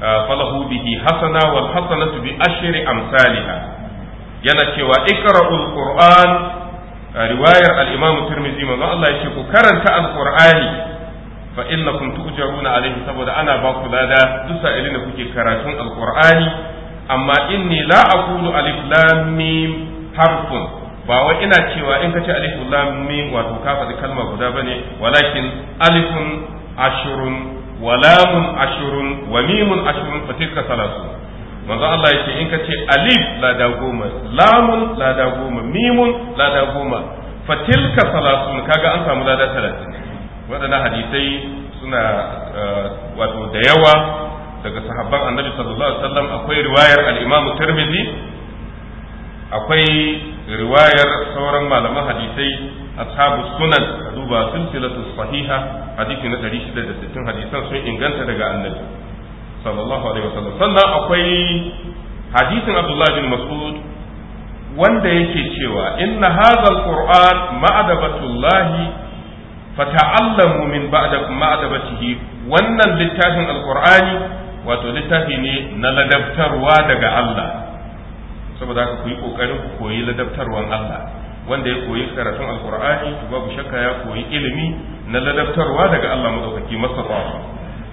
eh, falahu bihi hasana wal hasanatu bi ashri amsalha yana cewa iqra'ul qur'an a riwayar al-Imam Tirmidhi manzo Allah yake ku karanta al-Qur'ani fa innakum tu'jaruna alayhi saboda ana ba ku lada duk sa'ilin da kuke karatun al amma inni la aqulu alif lam mim harfun ba wai ina cewa in kace alif lam mim wato ka faɗi kalma guda bane walakin alifun ashrun wa lamun ashrun wa mimun ashrun fa tilka salasun manzo Allah ya ce in ka ce alif lada goma lamun lada goma mimun lada goma fa tilka salatun kaga an samu lada talatin waɗannan hadisai suna eh, wato da yawa daga sahabban annabi sallallahu alaihi wasallam akwai riwayar al-imam tirmidhi akwai riwayar sauran malaman hadisai ashabu sunan duba silsilatu sahiha hadisi na 660 hadisan sun inganta daga annabi sallallahu alaihi wasallam sannan akwai hadisin abdullahi bin mas'ud wanda yake cewa inna hadha alquran ma'adabatullahi fata'allamu min ba'da ma'adabatihi wannan littafin alqur'ani wato littafi ne na ladabtarwa daga Allah saboda haka ku yi ku koyi ladabtarwan Allah wanda ya koyi karatun alqur'ani babu shakka ya koyi ilimi na ladabtarwa daga Allah madaukaki masa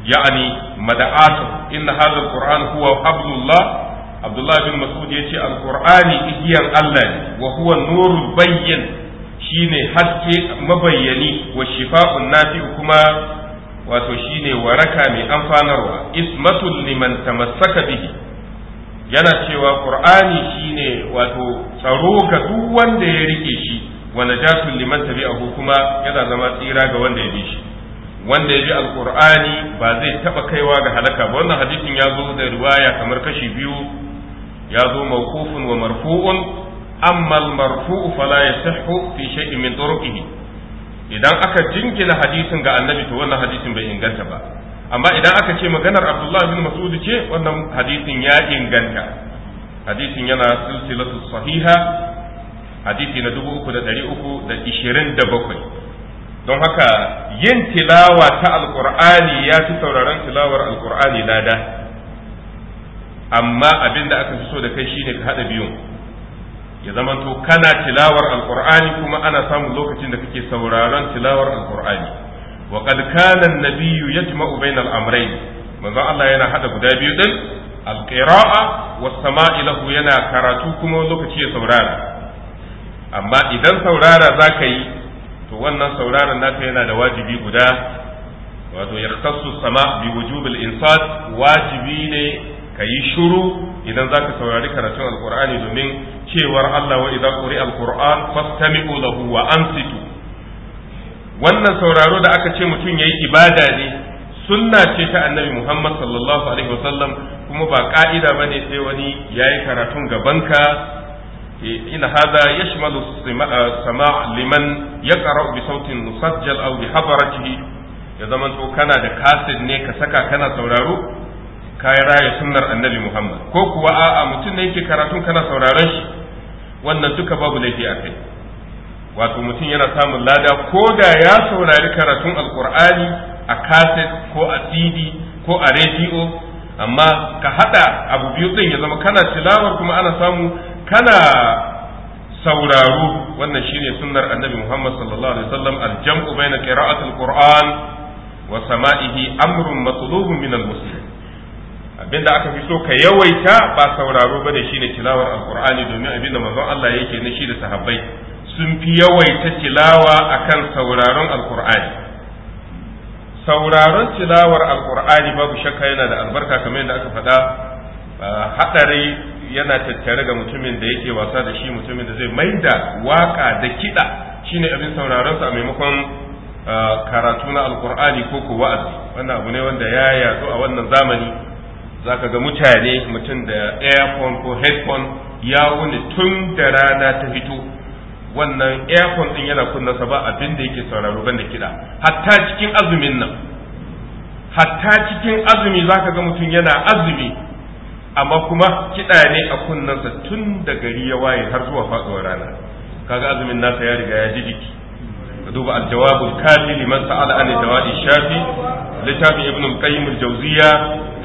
يعني مدعاته إن هذا القرآن هو حبل الله عبد الله بن مسعود يتي القرآن إجيان الله وهو النور البين شيني حسكي مبيني والشفاء النافع كما wato shine waraka mai amfanarwa ismatul liman tamassaka bihi yana cewa qur'ani shine wato tsaro ga duk wanda ya rike shi wa najatul liman tabi'ahu kuma yana zama tsira ga wanda ya bi shi wanda ya bi alkur'ani ba zai taba kaiwa ga halaka ba wannan hadisin ya zo da riwaya kamar kashi biyu ya zo mawqufun wa marfu'un amma marfuu fala yasihhu fi shay'in min turuqihi idan aka jingina hadisin ga annabi to wannan hadisin bai inganta ba amma idan aka ce maganar abdullahi bin mas'ud ce wannan hadisin ya inganta hadisin yana silsilatu sahiha hadisi na 3327 don haka yin tilawa ta alkur'ani ya fi sauraron tilawar alkur'ani lada amma abin da aka fi so da kai shine ka haɗa biyun ya zamanto kana tilawar alkur'ani kuma ana samun lokacin da kake sauraron tilawar alkur'ani wa qad kana an-nabiyyu yajma'u bayna al-amrayn manzo Allah yana hada guda biyu din al-qira'a wa samai lahu yana karatu kuma lokaci ya saurara amma idan saurara zaka yi to wannan sauraron nata yana da wajibi guda wato ya sama bi wujubil insat wajibi ne ka yi shuru idan zaka saurari karatun alkur'ani domin cewar Allah wa idan ƙuri alqur'an fastami'u lahu wa ansitu wannan sauraro da aka ce mutum ya yi ibada ne sunna ce ta annabi Muhammad sallallahu alaihi wasallam kuma ba ka'ida ba ne sai wani yayi yi karatun gabanka إن هذا يشمل السماع لمن يقرأ بصوت مسجل أو بحضرته ya zama to kana da kaset ne ka saka kana sauraro ka raya sunnar annabi Muhammad ko kuwa a'a mutum ne yake karatun kana sauraron shi wannan duka babu laifi a kai wato mutum yana samun lada ko da ya saurari karatun alkur'ani a kaset ko a cd ko a rediyo amma ka haɗa abu biyu din ya zama kana tilawar kuma ana samu kana sauraro wannan shine sunnar annabi Muhammad sallallahu alaihi wasallam al-jam'u baina qira'atil Qur'an wa sama'ihi amrun matlubun min al-muslim abinda aka fi so ka yawaita ba sauraro bane shine tilawar al-Qur'ani domin abinda manzon Allah yake na shi da sahabbai sun fi yawaita tilawa akan sauraron al-Qur'ani sauraron tilawar al-Qur'ani babu shakka yana da albarka kamar yadda aka faɗa hadari yana tattare ga mutumin da yake wasa da shi mutumin da zai mai da waka da kiɗa shine abin sauraron sa a maimakon karatu na alkur'ani ko ko wa'azi wannan abu ne wanda ya yatsu a wannan zamani zaka ga mutane mutum da earphone ko headphone ya wuni tun da rana ta fito wannan earphone din yana kunna sa ba abin da yake sauraro ban da kiɗa hatta cikin azumin nan hatta cikin azumi zaka ga mutum yana azumi amma kuma kiɗa ne a kunnensa tun da gari ya waye har zuwa faɗuwar rana kaga azumin nasa ya riga ya ji jiki ka duba aljawabul kafi liman sa'ala an dawadi shafi littafi ibn al-qayyim al-jawziya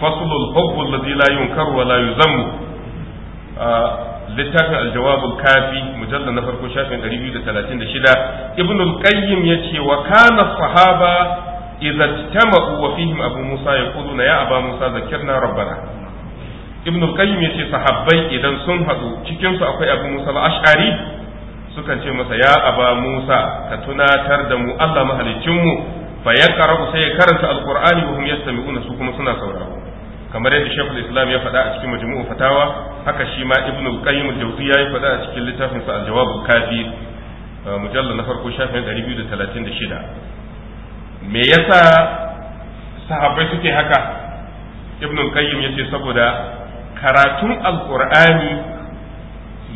fasl al-hubb alladhi la yunkaru wa la yuzammu littafin aljawabul kafi mujallal na farko shafin 236 ibn al-qayyim yace wa kana sahaba idza tamau wa fihim abu musa yaquluna ya aba musa zakirna rabbana ibn qayyim yace sahabbai idan sun hadu cikin su akwai abu musa al-ash'ari sukan ce masa ya aba musa ka tunatar da mu Allah mahalicin mu fa sai ya karanta al-qur'ani wa hum yastami'una su kuma suna sauraro kamar yadda shaykhul islam ya faɗa a cikin majmu'u fatawa haka shi ma ibn qayyim al jawzi ya faɗa a cikin littafin sa al-jawab al-kafi mujallal na farko shafin 236 me yasa sahabbai suke haka ibn qayyim yace saboda karatun Alƙur'ani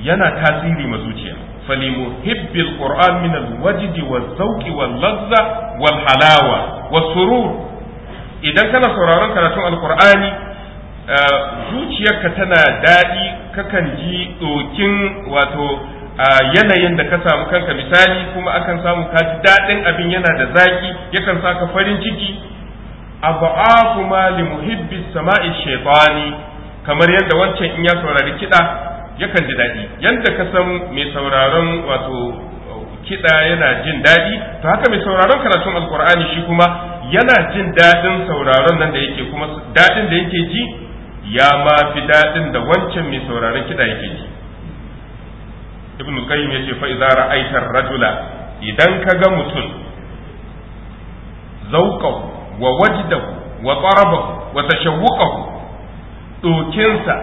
yana tasiri ma zuciya فلمحب القرآن من الوجد والذوق واللذة والحلاوة والسرور idan kana sauraron karatun alkur'ani eh, zuciyarka tana daɗi kakan ji ɗokin wato eh, yanayin da ka samu kanka misali kuma akan samu ka ji daɗin abin yana da zaki yakan saka farin ciki abu ma li muhibbi sama'i shaitani kamar yadda wancan in ya saurari kiɗa yakan ji daɗi yadda ka san mai sauraron wato kiɗa yana jin daɗi to haka mai sauraron karatun alkur'ani shi kuma yana jin daɗin sauraron nan da yake kuma daɗin da yake ji ya ma fi daɗin da wancan mai sauraron kiɗa yake ji ibn qayyim yace fa idza ra'aita rajula idan ka ga mutum zauqahu wa wajdahu wa tarabahu wa tashawwuqahu Dokinsa,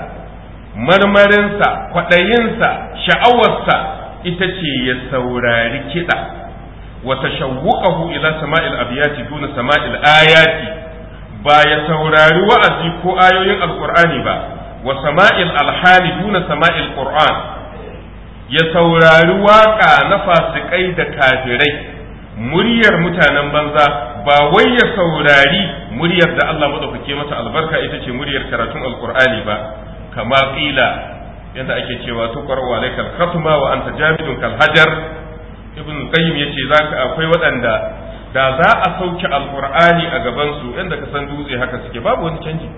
marmarinsa kwaɗayinsa sha'awarsa ita ce ya saurari kiɗa wata shawwuƙahu ila sama'il abiyati duna sama'il ayati ba ya saurari wa'azi ko ayoyin alƙur'ani ba wa sama'il alhali duna sama'il qur'an ya saurari waƙa na fasikai da kafirai muryar mutanen banza ba wai ya saurari muryar da Allah madaukake mata albarka ita ce muryar karatun alqur'ani ba kama qila yadda ake cewa tuqra wa alaikal khatma wa anta jamidun kal hajar ibn qayyim yace zaka akwai waɗanda da za a sauke alqur'ani a gaban su yadda ka san dutse haka suke babu wani canji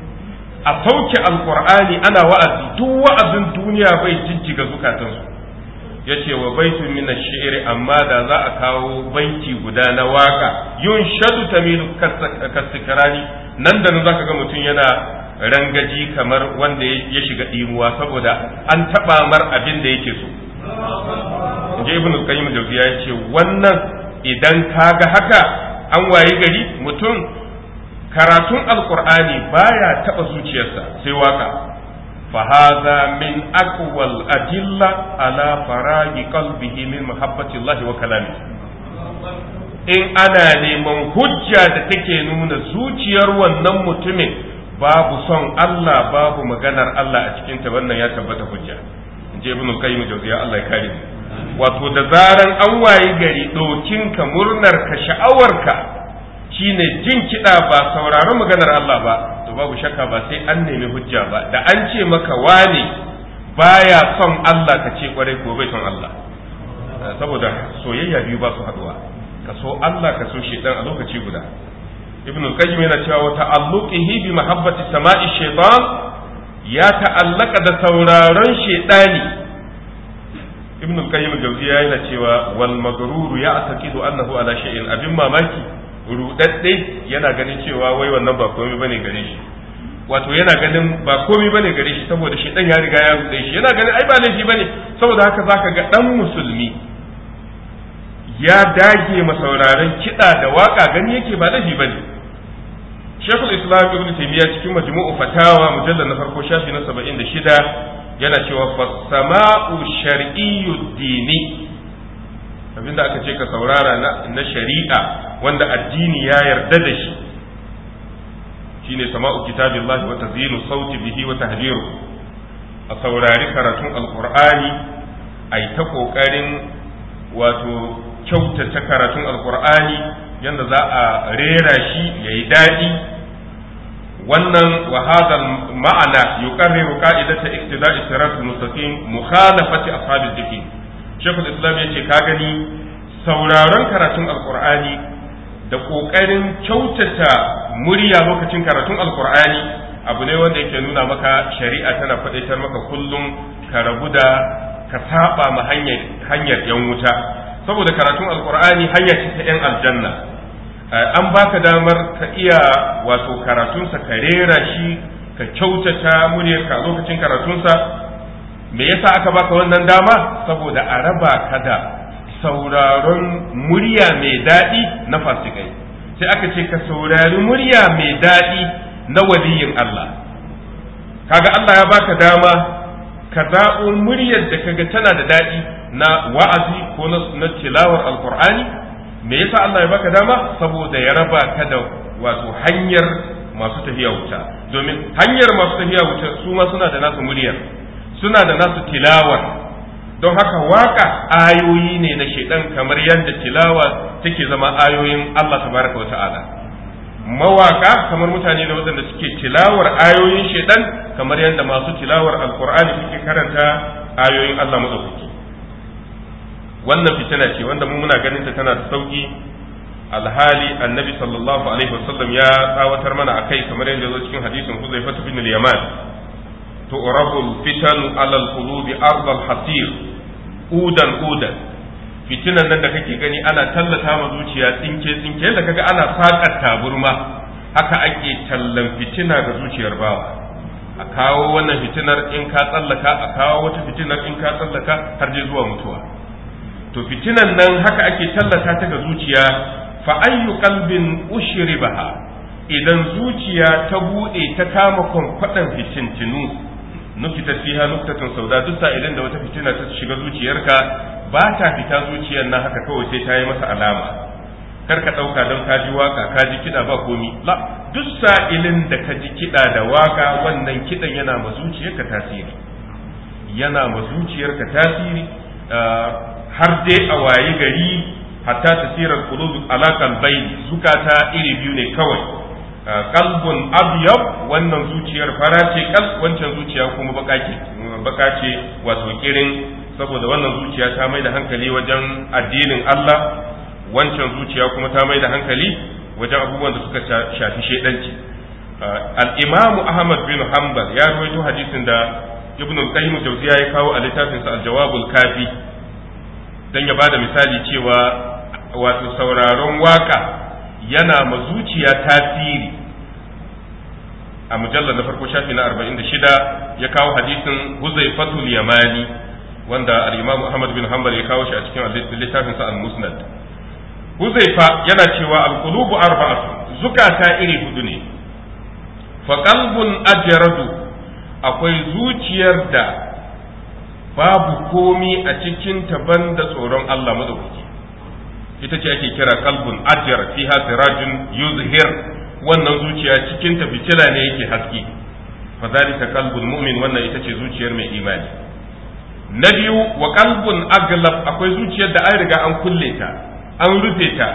a sauke alqur'ani ana wa'azi duk wa'azin duniya bai jijjiga zukatansu ya ce wa baitu min shi'ri amma da za a kawo banki guda na waka yun shadu tamilu kasikarani nan da nan zaka ga mutum yana rangaji kamar wanda ya shiga imuwa saboda an taba mar abin da yake so je ibn qayyim da ya ce wannan idan ka ga haka an wayi gari mutum karatun alqur'ani baya taba zuciyarsa sai waka فهذا من أقوى الأدلة على فراغ قلبه من محبة الله وكلامه in ana neman hujja da take nuna zuciyar wannan mutumin babu son Allah babu maganar Allah a cikin ta wannan ya tabbata hujja je ibn al-qayyim jawziya Allah ya kare wato da zaran an wayi gari dokin ka murnar ka sha'awarka, ka shine jin kida ba sauraron maganar Allah ba to babu shakka ba sai an nemi hujja ba da an ce maka wane baya son Allah ka ce kwarai ko bai son Allah saboda soyayya biyu ba su haduwa ka so Allah ka so shedan a lokaci guda ibn al-qayyim yana cewa wa ta'alluqihi bi mahabbati sama'i shaytan ya ta'allaka da sauraron shedani ibn al-qayyim jawziya yana cewa wal magruru ya'taqidu annahu ala shay'in abin mamaki rudadde yana ganin cewa wai wannan ba komai bane gare shi wato yana ganin ba komai bane gare shi saboda shi dan ya riga ya rude shi yana ganin ai ba shi bane saboda haka zaka ga dan musulmi ya dage masauraran kiɗa da waka gani yake ba laifi bane Sheikhul Islam Ibn Taymiyyah cikin majmu'u fatawa mujallal na farko shafi na 76 yana cewa fasama'u shar'iyyud shar'iyyu dini da aka ce ka saurara na shari'a wanda addini ya yarda da shi shine sama'u kitabillahi wa tazinu sauti bihi wa tahdiru a saurari karatun a yi ta kokarin wato kyautata karatun alkur'ani yanda za a rera shi yayi daɗi wannan wa hadal ma'ana yuqarriru qa'idata iqtida'i siratal mustaqim mukhalafati ashabil jiki. shekul islam ya ce ka gani sauraron karatun alkur'ani da ƙoƙarin kyautata murya lokacin karatun alkur'ani abu ne wanda yake nuna maka shari'a tana faɗaitar maka kullum ka rabu da ka saba ma hanyar yan wuta saboda karatun alkur'ani hanya ce ta yan aljanna eh, an baka damar ka iya wato karatunsa ka rera shi ka kyautata muryarka lokacin karatunsa me yasa aka baka wannan dama saboda a raba ka da sauraron murya mai daɗi na fasikai sai aka ce ka saurari murya mai daɗi na waliyin Allah kaga Allah ya baka dama ka zaɓo muryar da kaga tana da daɗi na wa'azi ko na tilawar alkur'ani me yasa Allah ya baka dama saboda ya raba ka da wato hanyar masu tafiya wuta domin hanyar masu tafiya wuta su ma suna da nasu muryar suna da nasu tilawar don haka waka ayoyi ne na shaidan kamar yadda tilawa take zama ayoyin Allah tabaraka wa ta'ala mawaka kamar mutane da waɗanda suke tilawar ayoyin shaidan kamar yadda masu tilawar alkur'ani suke karanta ayoyin Allah madaukaki wannan fitina ce wanda mu muna ganin ta tana da sauki alhali annabi sallallahu alaihi wasallam ya tsawatar mana akai kamar yadda zo cikin hadisin Huzaifa bin al-Yaman تعرف الفتن على القلوب أرض الحصير أودا أودا fitinan nan da kake gani ana tallata ma zuciya tsinke tsinke da ga ana sakar taburma haka ake tallan fitina ga zuciyar bawa a kawo wannan fitinar in ka tsallaka a kawo wata fitinar in ka tsallaka har ji zuwa mutuwa to fitinan nan haka ake tallata ta ga zuciya fa ayyu qalbin ushiribaha, idan zuciya ta buɗe ta kama kwankwadan fitintinu nukitat fiha nuktatun sauda duk sa'ilin da wata fitina ta shiga zuciyarka ba ta fita zuciyar nan haka kawai sai ta yi masa alama kar ka ɗauka don ka ji waka ka ji kiɗa ba komi la duk sa'ilin da ka ji kiɗa da waka wannan kiɗan yana ma zuciyarka tasiri yana ma zuciyarka tasiri ah, har dai a waye gari hatta tasirar qulub ala bayn zukata iri biyu ne kawai Ah, kalbun abyab wannan zuciyar fara ce kal wancan zuciya kuma baka ce baka ce wato kirin saboda wannan zuciya ta mai da hankali wajen addinin Allah wancan zuciya kuma ta mai da hankali wajen abubuwan da suka shafi shedanci al-imamu ah, ahmad bin hanbal ya rawaito hadisin da ibn al-qayyim jawziya ya kawo a littafin sa al-jawab al-kafi dan ya bada misali cewa wato sauraron waka yana ma zuciya tasiri a mujallar na farko shafi na 46 ya kawo hadisin huzaifatul yamani wanda al-imam bin Hanbal ya kawo shi a cikin littafin sa al-Musnad Huzaifa yana cewa al-qulubu arba'atu zukata iri hudu ne fa qalbun ajradu akwai zuciyar da babu komi a cikin ta da tsoron Allah madaukaki ita ce ake kira kalbun ajiyar fiha sirajun yuzhir wannan zuciya cikin ta fitila ne yake haske fa zalika kalbun mu'min wannan ita ce zuciyar mai imani na biyu wa kalbun aglab akwai zuciyar da an riga an kulle ta an rufe ta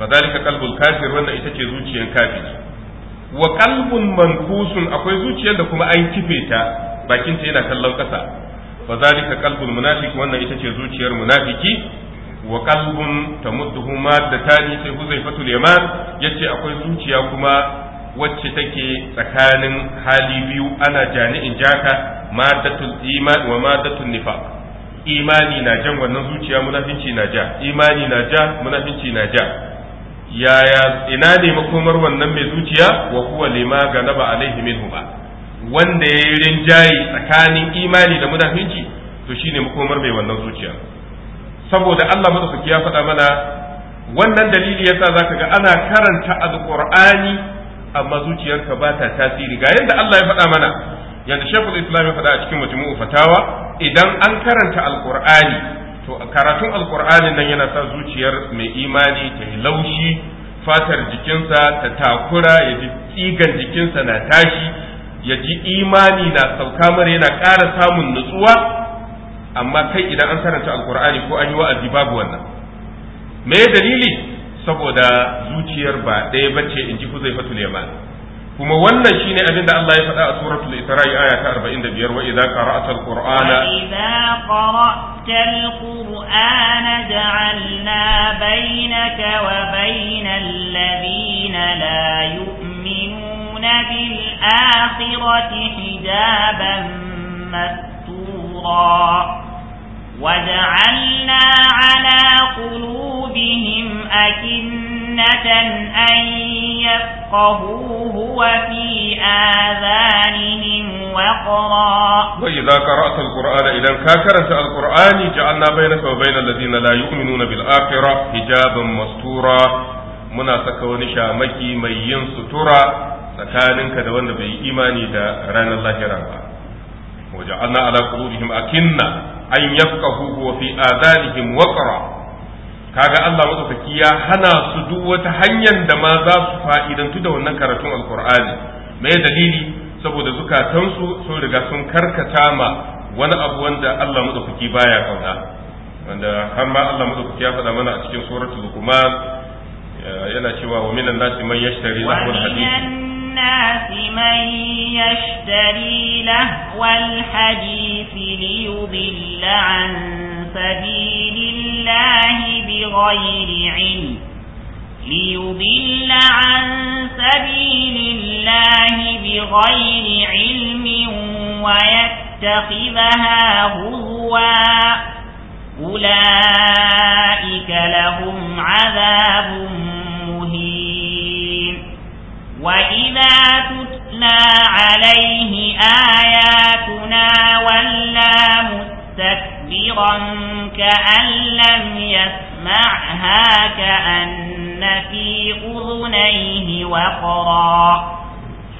fa zalika kalbul kafir wannan ita ce zuciyar kafiri wa kalbun mankusun akwai zuciyar da kuma an kife ta bakin ta yana kallon kasa fa zalika kalbul munafiq wannan ita ce zuciyar munafiki wa qalbun tamudduhu maddatani sai huzaifatul yaman yace akwai zuciya kuma wacce take tsakanin hali biyu ana jani'in jaka maddatul iman wa maddatul nifaq imani na jan wannan zuciya munafinci na ja imani na ja munafinci na ja yaya ina ne makomar wannan mai zuciya wa huwa lima ganaba alaihi minhu ba wanda ya yi rinjayi tsakanin imani da munafinci to shine makomar mai wannan zuciya saboda Allah madaukaki ya faɗa mana wannan dalili yasa zaka ga ana karanta alqur'ani amma zuciyarka ba ta tasiri ga yadda Allah ya faɗa mana yadda shekul islam ya faɗa a cikin majmu'u fatawa idan an karanta alqur'ani to karatun alqur'anin nan yana sa zuciyar mai imani ta laushi fatar jikinsa ta takura ya ji tsigan jikinsa na tashi ya ji imani na sauka mara yana ƙara samun nutsuwa amma kai idan an karanta alkur'ani ko an yi wa'azi babu wannan me dalili saboda zuciyar ba ɗaya bace in ji kuzai fatul yaman kuma wannan shine abin da Allah ya faɗa a suratul isra'i aya ta 45 wa idza qara'ta alqur'ana idza qara'ta alqur'ana ja'alna bainaka wa bainal ladina la yu'minuna bil akhirati hijaban mastura وجعلنا على قلوبهم أكنة أن يفقهوه وفي آذانهم وقرا وإذا قرأت القرآن إذا كاكرت القرآن جعلنا بينك وبين الذين لا يؤمنون بالآخرة حجابا مستورا muna saka wani shamaki mai yin sutura tsakaninka da wanda bai imani da ranar lahira ba waje ana ala qulubihim akinna an yafqahu wa fi adanihim waqra kaga Allah madaukaki ya hana su duk wata hanyar da ma za su fa'idantu da wannan karatun alqur'ani me dalili saboda zukatansu sun riga sun karkata ma wani abu wanda Allah madaukaki baya kauna wanda har ma Allah madaukaki ya faɗa mana a cikin suratul luqman eh, yana cewa wa minan nasi man yashtari lahu alhadith الناس من يشتري لهو الحديث ليضل عن سبيل الله بغير علم ليضل عن سبيل الله بغير علم ويتخذها هزوا أولئك لهم عذاب مهين وإذا تتلى عليه آياتنا ولا مستكبرا كأن لم يسمعها كأن في أذنيه وقرا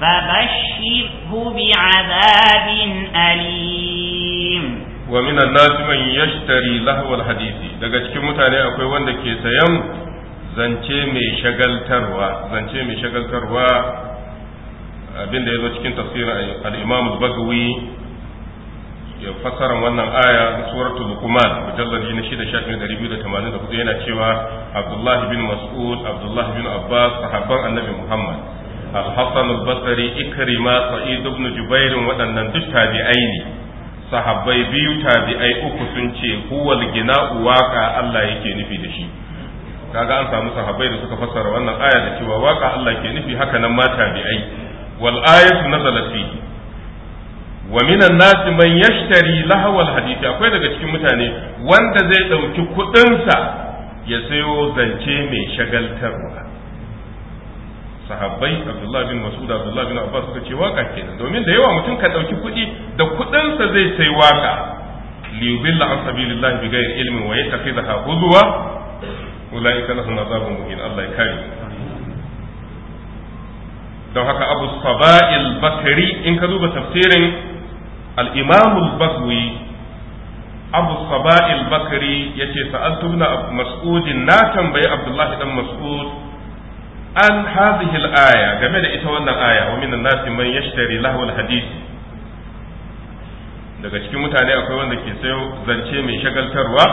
فبشره بعذاب أليم ومن الناس من يشتري لهو الحديث لقد كمتاني mutane akwai wanda zance mai shagaltarwa zance mai shagaltarwa abinda ya zo cikin tafsirin al-imam al-bagawi ya fassara wannan aya suratul luqman mujalladi na 6 shafin 284 yana cewa abdullahi bin mas'ud abdullahi bin abbas sahabban annabi muhammad al-hasan al-basri ikrima sa'id ibn jubair waɗannan duk tabi'ai ne sahabbai biyu tabi'ai uku sun ce huwal gina'u waqa Allah yake nufi da shi kaga an samu sahabbai da suka fassara wannan aya da cewa waka Allah ke nufi haka nan mata tabi'ai wal ayatu nazalat fi wa minan nas man yashtari al hadith akwai daga cikin mutane wanda zai dauki kudin sa ya sayo zance mai shagaltarwa sahabbai Abdullah bin Mas'ud Abdullah bin Abbas suka ce waka kenan domin da yawa mutum ka dauki kudi da kudin sa zai sai waka liyubilla an sabilillah bi ilmin wa yattakhidha huzwa ulaika lahum azabun muhin Allah ya kare don haka abu saba'il bakari in ka duba tafsirin al-imam al-bakwi abu saba'il bakari yace sa'altu ibn mas'ud na tambayi abdullahi dan mas'ud an hadhihi al-aya game da ita wannan aya wa minan nasi man yashtari lahu al-hadith daga cikin mutane akwai wanda ke sayo zance mai shagaltarwa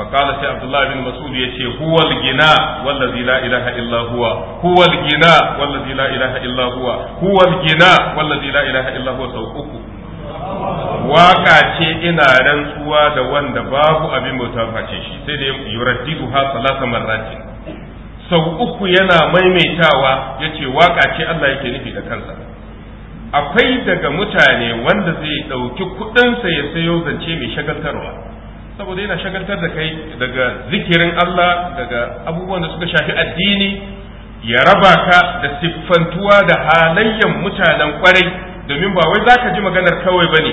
فقال سي عبد الله بن مسعود يتي هو الغنى والذي لا اله الا هو هو الغنى والذي لا اله الا هو هو الغنى والذي لا اله الا هو sau واقع شيء انا رنسوا ده وند wanda ابي abin شي سي shi sai da yuraddidu ha salasa marrati sau uku yana maimaitawa yace waka ce Allah yake nufi da kansa akwai daga mutane wanda zai ɗauki kuɗinsa ya sayo zance mai shagaltarwa saboda yana shagaltar da kai daga zikirin Allah daga abubuwan da suka shafi addini ya raba ka da siffantuwa da halayyan mutanen kwarai domin ba wai zaka ji maganar kawai bane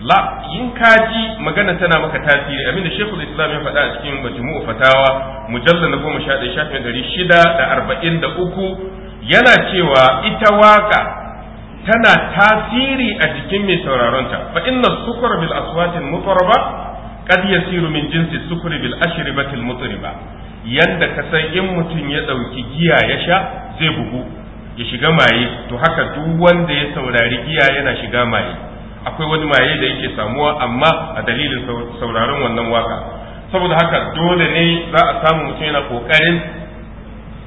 la in ka ji magana tana maka tasiri Amin da Sheikhul Islam ya faɗa a cikin Majmu'u Fatawa mujallal na 11 shafin uku yana cewa ita waka tana tasiri a jikin mai sauraron ta fa inna sukra bil aswatin mutaraba qad yasiru min jinsi sukri bil ashribati al mutriba yanda ka san in mutum ya ɗauki giya ya sha zai bugu ya shiga maye to haka duk wanda ya saurari giya yana shiga maye akwai wani maye da yake samuwa amma a dalilin sauraron wannan waka saboda haka dole ne za a samu mutum yana ƙoƙarin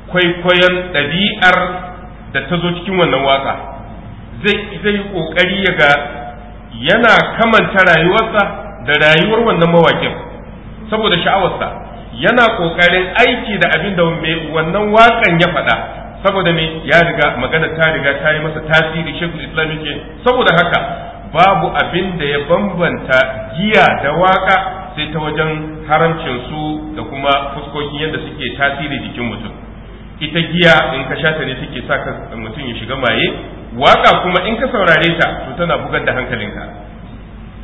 kwaikwayon ɗabi'ar da ta zo cikin wannan waka zai yi kokari ya ga yana kamanta rayuwarsa da rayuwar wannan mawakin saboda sha'awarsa yana kokarin aiki da abin da wannan wakan ya faɗa saboda me ya riga magana ta riga ta yi masa tasiri shekul islam yake saboda haka babu abin da ya bambanta giya da waka sai ta wajen haramcin su da kuma fuskokin yadda suke tasiri jikin mutum ita giya in ka shata ne take sa mutum ya shiga maye waka kuma in ka saurare ta to tana bugar da hankalinka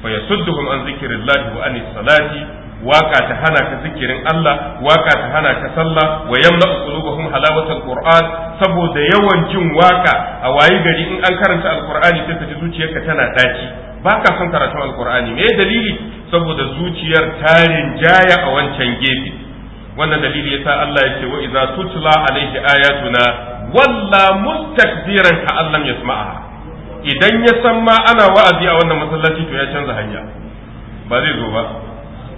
fa yasudduhum an zikrillahi wa anis salati waka ta hana ka zikirin Allah waƙa ta hana ka sallah wa yamla qulubuhum halawatal qur'an saboda yawan jin waƙa a wayi gari in an karanta alqur'ani sai ta ji zuciyarka tana daci baka son karatun alqur'ani me dalili saboda zuciyar ta jaya a wancan gefe wannan dalili yasa Allah ya ce wa idza tutla alaihi ayatuna walla mustakbiran ka Allah yasma'a idan ya san ma ana wa'azi a wannan masallaci to ya canza hanya ba zai zo ba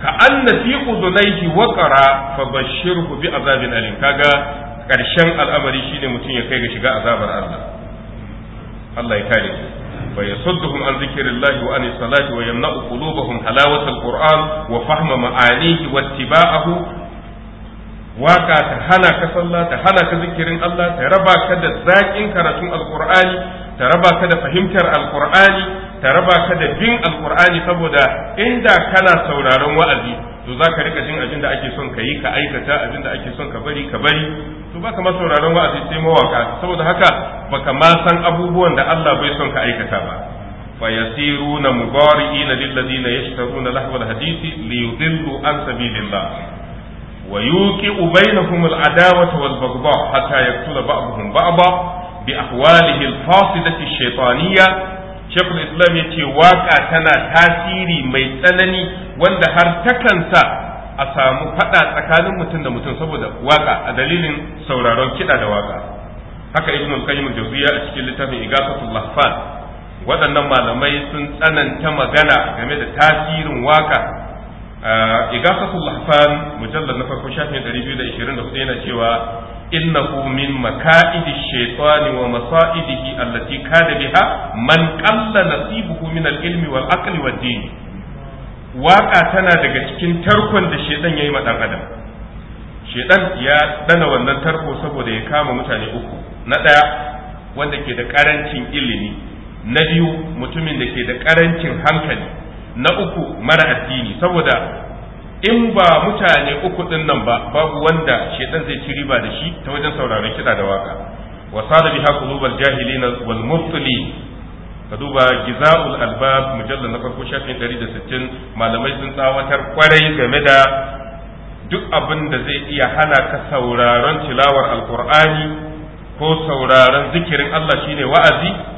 ka anna fi udunaihi waqara fa bashirhu bi azabin alim kaga karshen al'amari shine mutum ya kai ga shiga azabar Allah Allah ya kare mu wa yasudduhum an zikrillahi wa an salati wa yamna'u qulubahum halawat alquran wa fahma ma'anihi wa ittiba'ahu waka ta hana ka sallah ta hana ka zikirin Allah ta raba ka da zaƙin karatun alqur'ani ta raba ka da fahimtar alkur'ani ta raba ka da bin alkur'ani saboda inda kana sauraron wa'azi to za ka rika jin abin da ake son ka yi ka aikata abin da ake son ka bari ka bari to baka ma sauraron wa'azi sai mawaka saboda haka baka ma san abubuwan da Allah bai son ka aikata ba فيسيرون مضارئين للذين يشترون لهو الحديث ليضلوا عن سبيل الله ويوقئ بينهم العداوة والبغضاء حتى يقتل بعضهم بعضا bi ahwalihi al-fasidati shaytaniyya Shekul Islam ya ce waka tana tasiri mai tsanani wanda har takan sa a samu faɗa tsakanin mutum da mutum saboda waƙa a dalilin sauraron kiɗa da waƙa. haka ibn al-qayyim al-jawziyya a littafin igafatul lahfan waɗannan malamai sun tsananta magana game da tasirin waƙa. igasatul lahfan mujallad na farko shafin 224 yana cewa innahu min makaidi shaytani wa masaidihi allati kada biha man qalla nasibuhu min al-ilmi wal aqli wad din tana daga cikin tarkon da shaytan yayi ma dan adam shaytan ya ɗana wannan tarko saboda ya kama mutane uku na ɗaya wanda ke da ƙarancin ilimi na biyu mutumin da ke da ƙarancin hankali na uku mara addini saboda in ba mutane uku din nan ba babu wanda shedan zai ci riba da shi ta wajen sauraron kiɗa da waka wa sada biha qulubal jahilin wal mubtilin ka duba gizaul albab mujallal na farko shafin 160 malamai sun tsawatar kwarai game da duk abin da zai iya hana ka sauraron tilawar alqur'ani ko sauraron zikirin Allah shine wa'azi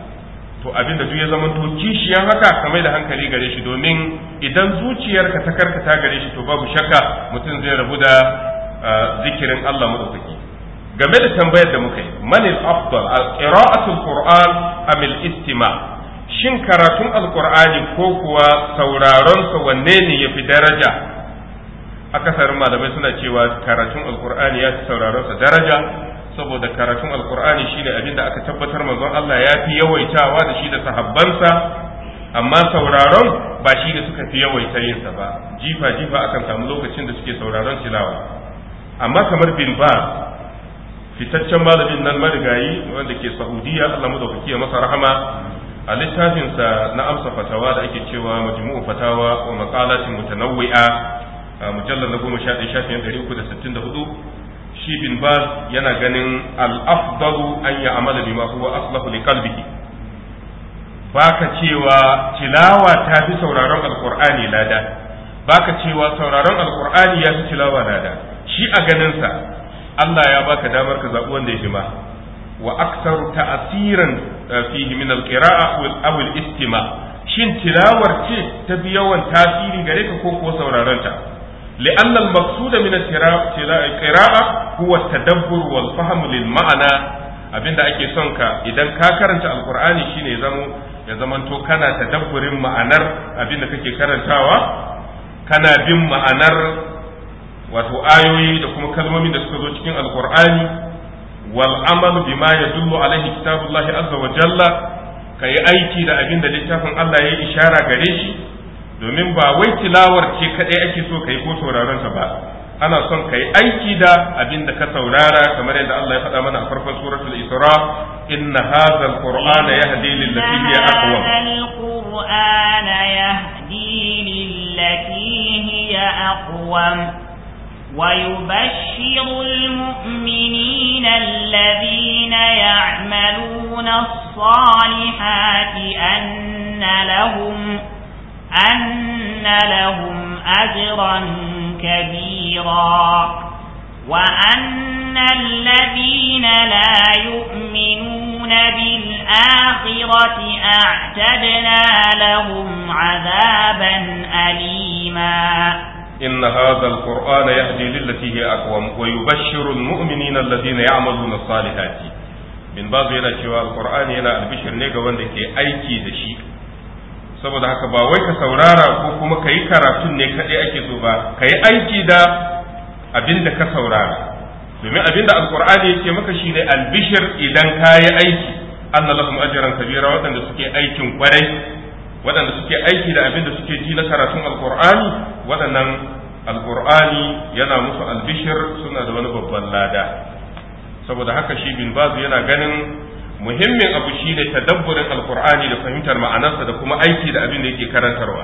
to abin da duk ya zama to kishiyan haka ka mai da hankali gare shi domin idan zuciyarka ta karkata gare shi to babu shakka mutum zai rabu da uh, zikirin Allah madaukaki game da tambayar da muka yi man al-afdal qira'atul qur'an am al-istima shin karatun alqur'ani ko kuwa sauraron sa wanne ne yafi daraja akasarin malamai suna cewa karatun alqur'ani ya fi sauraron sa daraja saboda karatun alkur'ani shine abin da aka tabbatar manzon Allah ya fi yawaitawa da shi da sahabbansa amma sauraron ba shi da suka fi yawaita yin sa ba jifa jifa akan samu lokacin da suke sauraron silawa. amma kamar bin ba fitaccen malamin nan marigayi wanda ke saudiya Allah madaukaki ya masa rahama a littafinsa na amsa fatawa da ake cewa majmu'u fatawa wa maqalatin mutanawwi'a mujallal na goma sha ɗaya shafin ɗari uku da sittin da hudu shi bin baz yana ganin al-afdalu an amala bima huwa aslahu li qalbihi baka cewa tilawa ta fi sauraron alqur'ani lada baka cewa sauraron alqur'ani ya fi tilawa lada shi a ganin Allah ya baka damar ka zabu wanda ya jima wa aksaru ta'asiran eh, fihi min alqira'a aw alistima istima shin tilawar ce ta fi yawan tasiri gare ka ko ko sauraron ta لأن المقصود من القراءة هو التدبر والفهم للمعنى abin da ake son ka idan ka karanta alkur'ani shine zamo ya zamanto kana tadabburin ma'anar abin da kake karantawa kana bin ma'anar wato ayoyi da kuma kalmomin da suka zo cikin alkur'ani wal amal bima yadullu alaihi kitabullahi azza wa jalla kai aiki da abin da littafin Allah ya yi ishara gare shi domin ba wai tilawar ce kadai ake so kai ko sauraron ta ba ana son kai aiki da abin da ka saurara kamar yadda Allah ya faɗa mana a farkon suratul Isra inna hadha alqur'ana yahdi lil lati hiya aqwam alqur'ana yahdi lil lati hiya aqwam ويبشر المؤمنين الذين يعملون الصالحات أن لهم أن لهم أجرا كبيرا وأن الذين لا يؤمنون بالآخرة أعتدنا لهم عذابا أليما إن هذا القرآن يهدي للتي هي أقوم ويبشر المؤمنين الذين يعملون الصالحات من بعض هنا القرآن هنا البشر نيجا وندك أي دشيك saboda haka ba wai ka saurara ko kuma ka yi karatun ne kaɗai ake so ba ka yi aiki da abin da ka saurara domin abin da alkur'ani yake maka shi ne albishir idan ka yi aiki an na kabira waɗanda suke aikin kwarai waɗanda suke aiki da abin da suke ji na karatun alkur'ani waɗannan alkur'ani yana musu albishir suna da wani babban lada saboda haka shi bin bazu yana ganin muhimmin abu shi ne tadabburin alkur'ani da fahimtar ma'anarsa da kuma aiki da abin da yake karantarwa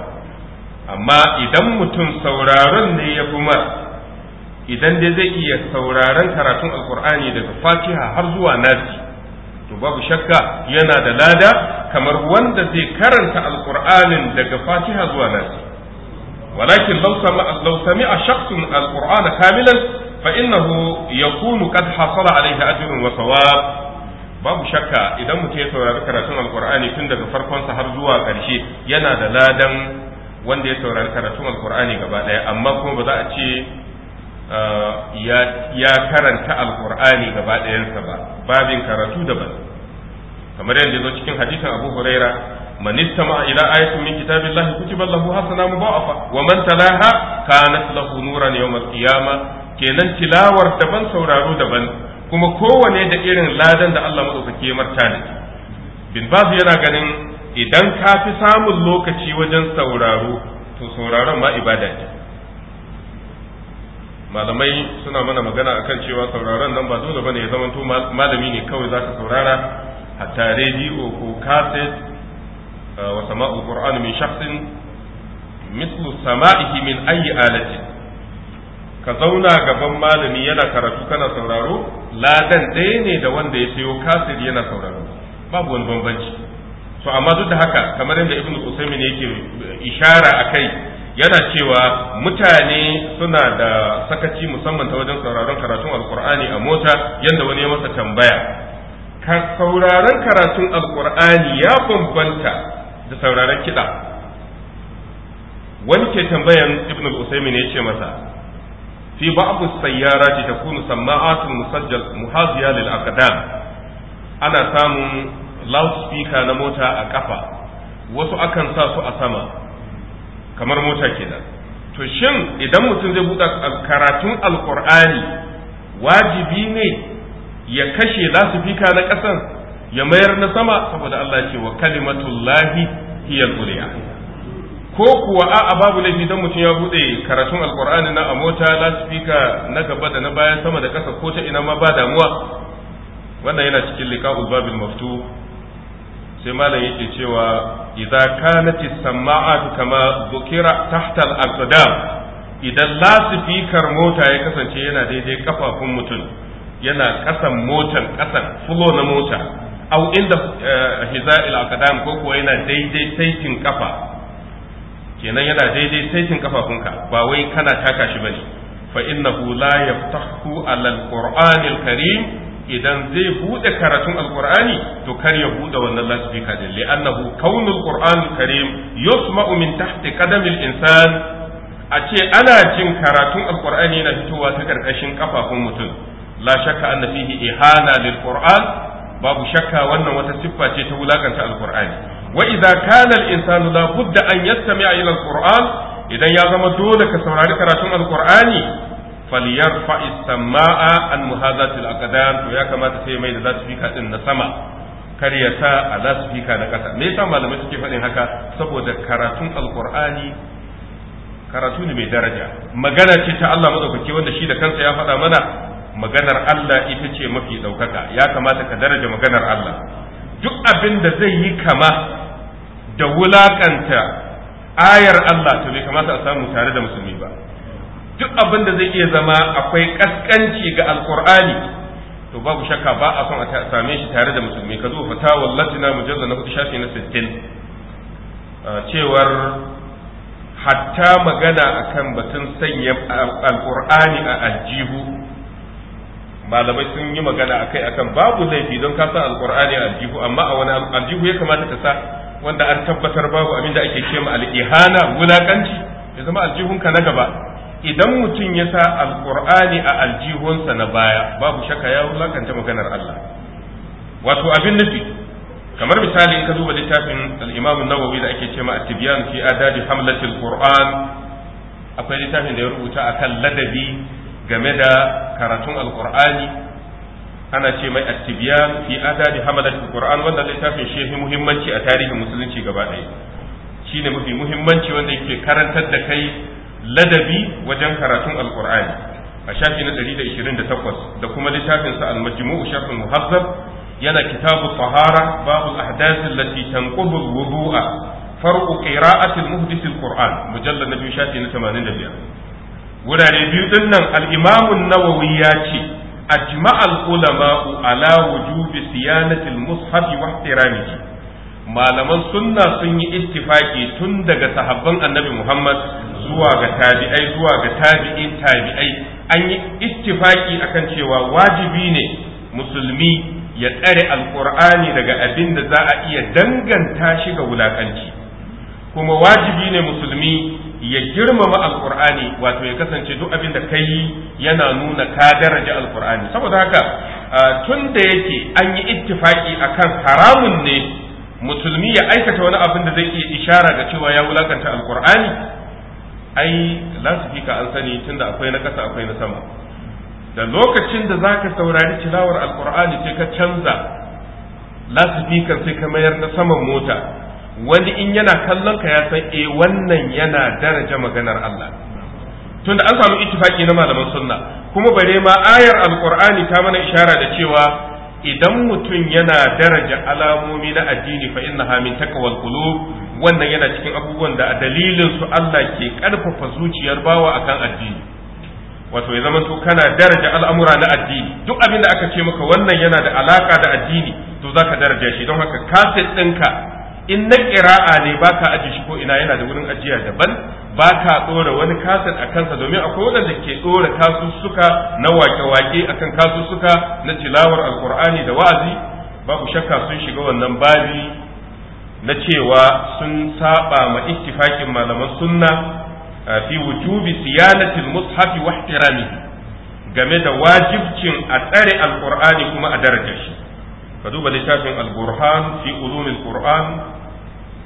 amma idan mutum sauraron ne ya fi idan dai zai iya sauraron karatun alkur'ani daga fatiha har zuwa nasi to babu shakka yana da lada kamar wanda zai karanta alkur'anin daga fatiha zuwa nasi walakin law a shakhsun alqur'ana kamilan fa innahu yakunu qad hasala alayhi ajrun wa thawab babu shakka idan mutum ya saurari karatun alkur'ani tun daga farkonsa har zuwa ƙarshe yana da ladan wanda ya saurari karatun alkur'ani gaba ɗaya amma kuma ba za a ce uh, ya karanta alkur'ani gaba ɗayansa ba babin karatu daban kamar yadda zo cikin hadisin abu huraira man istama ila ayatin min kitabillahi kutiba lahu hasana mudha'afa wa man talaha kanat lahu nuran yawm al-qiyamah kenan tilawar daban sauraro daban kuma kowane da irin ladan da Allah madaukake marta da bin basu yana ganin idan ka fi samun lokaci wajen sauraro to sauraron ma ibada ce malamai suna mana magana akan cewa sauraron nan ba dole bane ya zamanto malami ne kawai zaka saurara hatta rediyo ko kaset uh, wa sama'u qur'an min shakhsin mislu sama'ihi min ayi alatin ka zauna gaban malami yana karatu kana sauraro ladan ɗaya ne da wanda ya sayo kasir yana sauraro babu wani bambanci to amma duk da haka kamar yadda ibnu usaimin yake ishara a akai yana cewa mutane suna da sakaci musamman ta wajen sauraron karatun alkur'ani a mota yadda wani ya masa tambaya ka sauraron karatun alkur'ani ya bambanta da sauraron kiɗa wani ke tambayan ibnu usaimin ya ce masa fi ba'd as-sayyarati takunu sama'atun musajjal muhaziya lil aqdam ana samun loudspeaker na mota a kafa wasu akan sa su a sama kamar mota kenan to shin idan mutum zai buɗe karatun alƙur'ani wajibi ne ya kashe loudspeaker na ƙasan ya mayar na sama saboda Allah ce wa kalimatullahi hiyar al ko kuwa a'a babu laifi don mutum ya buɗe karatun alkur'ani na a mota lasifika na gaba da na baya sama da ƙasa ko ta ina ma ba damuwa wannan yana cikin liqa'ul babil maftu sai malam yake cewa idza kanat as-sama'atu kama dhukira tahta al-aqdam idan lasifikar mota ya kasance yana daidai kafafun mutum yana kasan motan kasan fulo na mota aw inda eh, hiza'il aqdam ko kuwa yana daidai saitin kafa kenan yana daidai saitin kafafunka ba wai kana taka shi bane fa innahu la yaftahu alal alqur'anil karim idan zai bude karatun alqur'ani to kar ya bude wannan lasbika din li annahu kaunul qur'anil karim yusma'u min tahti qadamil insan a ce ana jin karatun alqur'ani na fitowa ta karkashin kafafun mutum la shakka anna fihi ihana lil qur'an babu shakka wannan wata siffa ce ta wulakanta alqur'ani wa idza kana al-insanu la budda an yastami'a al-qur'an idan ya zama dole ka saurari karatun al-qur'ani falyarfa as-sama'a an al-aqdam to ya kamata sai mai da lasfika din na sama kar ya sa a lasfika na kasa me yasa malamai suke faɗin haka saboda karatun al-qur'ani karatu ne mai daraja magana ce ta Allah madaukaki wanda shi da kansa ya faɗa mana maganar Allah ita ce mafi ɗaukaka ya kamata ka daraja maganar Allah duk abin da zai yi kama da wulakanta ayar Allah to bai kamata a samu tare da musulmi ba duk abin da zai iya zama akwai kaskanci ga alkur'ani to babu shakka ba a son a same shi tare da musulmi ka zo fatawa latina mujalla na hudu shafi na sittin cewar hatta magana akan batun sanya alkur'ani a aljihu malamai sun yi magana akai akan babu laifi don ka san alkur'ani a aljihu amma a wani aljihu ya kamata ka sa wanda an tabbatar babu abin da ake ce al-ihana wulakanci ya zama aljihunka na gaba idan mutum ya sa alqur'ani a aljihunsa na baya babu shakka ya wulakanta maganar Allah wato abin nufi kamar misali in ka duba littafin al-Imam an-Nawawi da ake cema ma at-Tibyan fi adabi hamlatil Qur'an akwai littafin da ya rubuta akan ladabi game da karatun alqur'ani ana ce mai at fi adadi hamalatul qur'an wanda littafin shehi muhimmanci a tarihin musulunci gaba ɗaya shine mafi muhimmanci wanda yake karantar da kai ladabi wajen karatun alqur'ani a shafi na 128 da kuma littafin sa al-majmu'u sharh al-muhazzab yana kitabu tahara babu al-ahdath allati tanqudu al-wudu'a farqu qira'ati al-muhdith al-qur'an mujallad na biyu shafi na 85 wurare biyu dinnan al-imam an-nawawi ya ce A أجمع العلماء على وجوب صيانة المصحف واحترامه malaman sunna sun yi ittifaki tun daga sahabban annabi Muhammad zuwa ga tabi'ai zuwa ga tabi'in tabi'ai an yi ittifaki akan cewa wajibi ne musulmi ya tsare alkur'ani daga abin da za a iya danganta shi ga wulakanci kuma wajibi ne musulmi ya girmama alkur'ani wato ya kasance duk abin da kai yana nuna ka daraja alkur'ani saboda haka tun da yake an yi ittifaki akan haramun ne musulmi ya aikata wani abin da zai iya ishara ga cewa ya wulakanta alkur'ani ai lasifika an sani tunda akwai na kasa akwai na sama da lokacin da zaka saurari tilawar alkur'ani sai ka canza lasifikan sai ka mayar na saman mota wani in yana kallon ka ya san eh wannan yana daraja maganar Allah tunda an samu ittifaki na malaman sunna kuma bare ma ayar alqur'ani ta mana ishara da cewa idan mutum yana daraja alamomi na addini fa innaha min taqwal qulub wannan yana cikin abubuwan da a dalilin su Allah ke karfafa zuciyar bawa akan addini wato ya zama kana daraja al'amura na addini duk abin da aka ce maka wannan yana da alaka da addini to zaka daraja shi don haka kaset ɗinka in na ƙira'a ne ba ka aji shi ko ina yana da wurin ajiya daban ba ka ɗora wani kasan a kansa domin akwai waɗanda ke ɗora kasussuka na wake-wake akan kasussuka na tilawar alkur'ani da wa'azi babu shakka sun shiga wannan babi na cewa sun saba ma ittifakin malaman sunna fi wujubi siyanatil mushafi wa ihtiramihi game da wajibcin a tsare alkur'ani kuma a daraja shi ka duba littafin al-burhan fi ulumil qur'an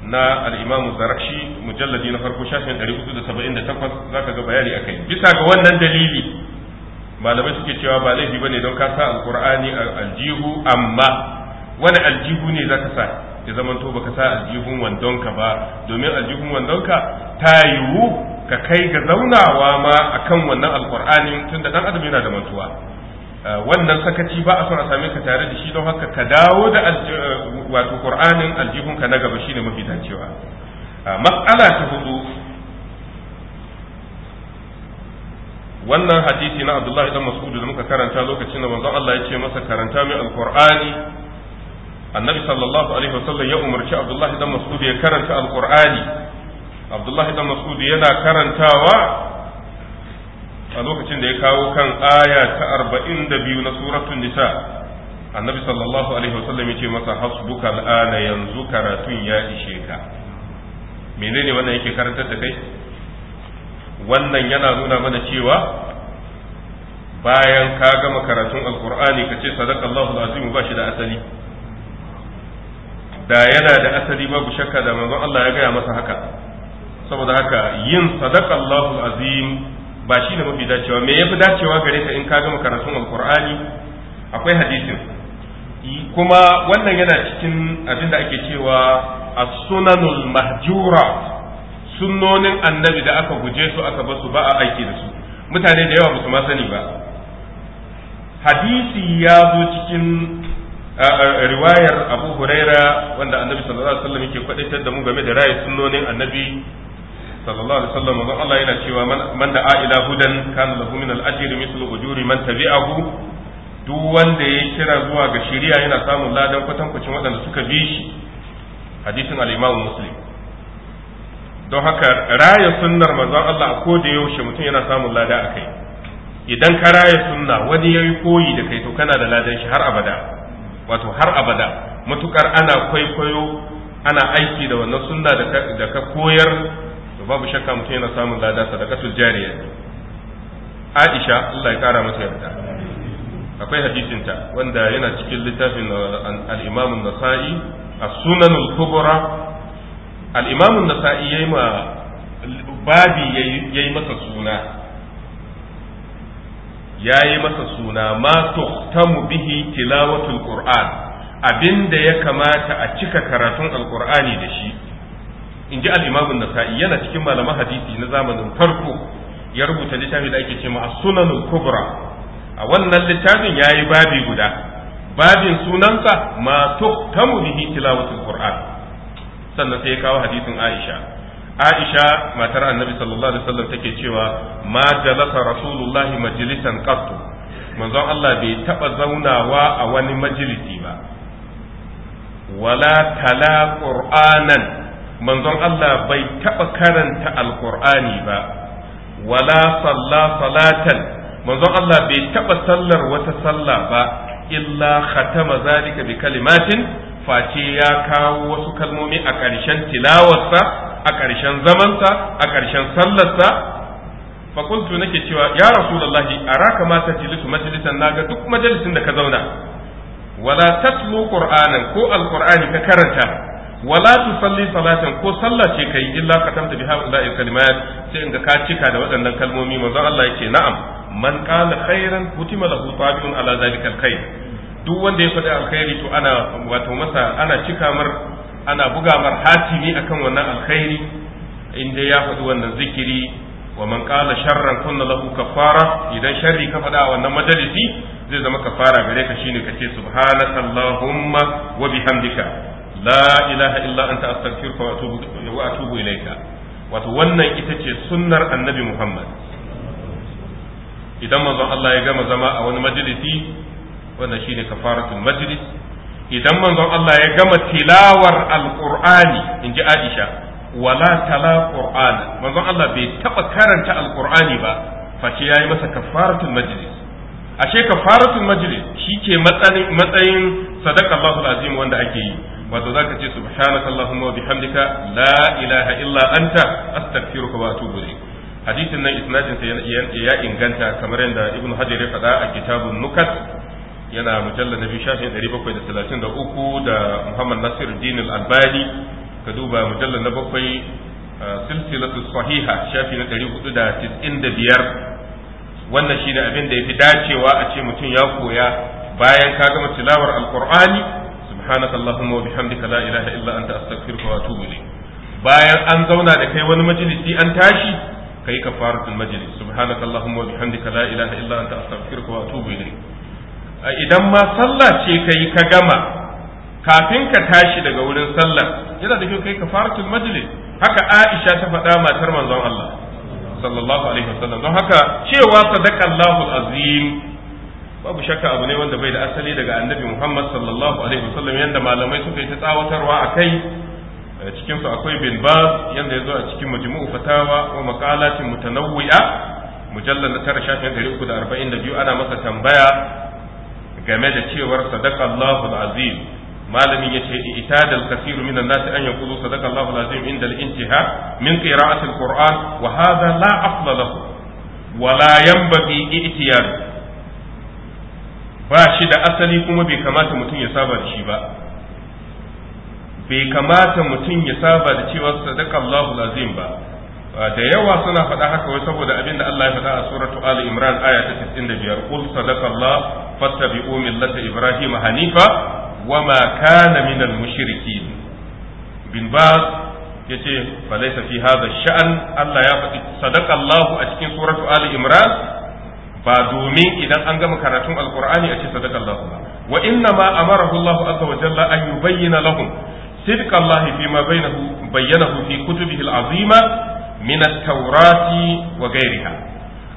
na al-Imam Zarashi mujalladi na farko shafin 378 zaka ga bayani akai bisa ga wannan dalili malamai suke cewa ba laifi bane don ka sa a aljihu amma wani aljihu ne zaka sa ya zaman to baka sa aljihun wandonka ba domin aljihun wandonka ta yiwu ka kai ga zaunawa ma akan wannan alqur'anin tunda dan adam yana da mantuwa Eh, wannan sakaci ba a son a same ka tare da shi don haka ka dawo da eh, wato qur'anin aljihunka na gaba shine mafi dacewa eh, mas'ala ta hudu wannan hadisi na Abdullahi dan Mas'ud da muka karanta lokacin da manzo Allah ya ce masa karanta mai alqur'ani annabi sallallahu alaihi wasallam ya umarci Abdullahi dan Mas'ud ya karanta alqur'ani Abdullahi dan Mas'ud yana karantawa a lokacin da ya kawo kan aya ta arba'in da biyu na suratun nisa annabi sallallahu alaihi wasallam ya ce masa hasbuka al'ana yanzu karatun ya ishe ka menene wannan yake karantar da kai wannan yana nuna mana cewa bayan ka gama karatun alkur'ani ka ce sadaqallahu alazim ba shi da asali da yana da asali babu shakka da manzon Allah ya gaya masa haka saboda haka yin sadaqallahu alazim ba shi ne mafi dacewa me yafi dacewa gare ka in ka gama karatun alkur'ani akwai hadisi. kuma wannan yana cikin abin da ake cewa as-sunanul mahjura sunnonin annabi da aka guje su aka basu ba a aiki da su mutane da yawa ba su ma sani ba hadisi ya zo cikin riwayar abu huraira wanda annabi sallallahu alaihi wasallam yake kwadaitar da mu game da rayu sunnonin annabi sallallahu alaihi wasallam manzon Allah yana cewa man da a'ila hudan kana lahu min al-ajri mithlu ujuri man tabi'ahu duk wanda ya kira zuwa ga shari'a yana samun ladan kwatankwacin waɗanda suka bi shi hadisin al-Imam Muslim don haka raya sunnar manzon Allah a koda yaushe mutum yana samun lada a kai idan ka raya sunna wani yayi koyi da kai to kana da ladan shi har abada wato har abada matukar ana kwaikwayo ana aiki da wannan sunna da ka koyar to babu shakka mutum yana samun lada sadakatul jariya Aisha Allah ya kara mata yarda akwai hadisin ta wanda yana cikin littafin al-Imam an-Nasa'i as-Sunan al-Kubra al-Imam an-Nasa'i yayi ma babi yayi masa suna yayi masa suna ma tuhtamu bihi tilawatul Qur'an abinda ya kamata a cika karatun al-Qur'ani da shi in ji al nasa'i yana cikin malaman hadisi na zamanin farko ya rubuta littafi da ake cewa a sunan kubra a wannan littafin yayi babi guda babin sunansa ma ta bihi tilawatul qur'an sannan sai ya kawo hadisin aisha aisha matar annabi sallallahu alaihi wasallam take cewa ma jalasa rasulullahi majlisan qattu manzon Allah bai taba zaunawa a wani majalisi ba wala tala qur'anan manzon Allah bai taɓa karanta alkur'ani ba wala salla salatan manzon Allah bai taɓa sallar wata sallah ba illa khatama zalika bi kalimatin face ya kawo wasu kalmomi a ƙarshen tilawarsa a ƙarshen zamansa a ƙarshen sallarsa fakultu nake cewa ya rasulullahi araka ma tajlisu na naga duk majalisin da ka zauna wala tatlu qur'anan ko alqur'ani ka karanta wala tusalli salatan ko sallah ce kai illa katamta bi haula'i kalimat sai inda ka cika da waɗannan kalmomi manzo Allah ce na'am man qala khairan kutima lahu tabi'un duk wanda ya faɗi alkhairi to ana wato masa ana cika mar ana buga mar hatimi akan wannan alkhairi inda ya faɗi wannan zikiri wa man qala sharran kunna lahu kafara idan sharri ka faɗa a wannan majalisi zai zama kafara gare ka shine kace subhanakallahumma wa bihamdika la ilaha illa anta astaghfiruka wa atubu wa wato wannan ita ce sunnar annabi Muhammad idan manzon Allah ya gama zama a wani majalisi wannan shine kafaratul majlis idan manzon Allah ya gama tilawar alqur'ani inji Aisha wala tala qur'an manzon Allah bai taɓa karanta alqur'ani ba face yayi masa kafaratul majlis ashe kafaratul majlis shike matsayin matsayin sadaqallahu wanda ake yi wato zaka ce subhanaka allahumma wa bihamdika la ilaha illa anta astaghfiruka wa atubu ilayk hadisin nan isnadin sa ya inganta kamar yadda ibnu hajar ya faɗa a kitabun nukat yana mujallal nabi shafin 733 da muhammad nasir din albani ka duba mujallal na bakwai silsilatu sahiha shafi na 495 wannan shine abin da ya fi dacewa a ce mutum ya koya bayan ka gama tilawar alqur'ani bayan an zauna da kai wani majalisi an tashi kai kafaratul majlis subhanaka allahumma wa bihamdika la ilaha illa anta astaghfiruka wa atubu ilayk idan ma sallah ce kai ka gama kafin ka tashi daga wurin sallah yana da kyau kai kafaratul majlis haka Aisha ta faɗa matar manzon Allah sallallahu alaihi wasallam don haka cewa sadaqallahu azim babu shakka abu ne wanda bai da asali daga annabi Muhammad sallallahu alaihi wasallam yadda malamai suka yi ta tsawatarwa a kai cikin su akwai bin bas ya zo a cikin majmu'u fatawa wa maqalatin mutanawwi'a mujallal na tara shafin biyu ana masa tambaya game da cewar sadaqa Allahu azim malamin yace itadal al-kasir min an-nas an yaqulu sadaqa Allahu azim inda al-intiha min qira'ati al-Qur'an wa hadha la afla wa la yanbaghi i'tiyadu ba shi da asali kuma bai kamata mutum ya saba da shi ba bai kamata mutum ya saba da cewa sadaka Allahu lazim ba da yawa suna faɗa haka wai saboda abin da Allah ya faɗa a suratu Ali Imran aya ta 95 qul sadaka Allah fattabi'u millata Ibrahim hanifa wama kana minal mushrikin bin Baz yace fa laysa fi hadha sha'an Allah ya faɗi sadaka Allah a cikin suratu Ali Imran ba domin idan an gama karatun alqur'ani a ce sadakallahu wa inna ma amarahu Allah azza wa jalla an yubayyana lahum صدق الله فيما بينه بينه في كتبه العظيمة من wa وغيرها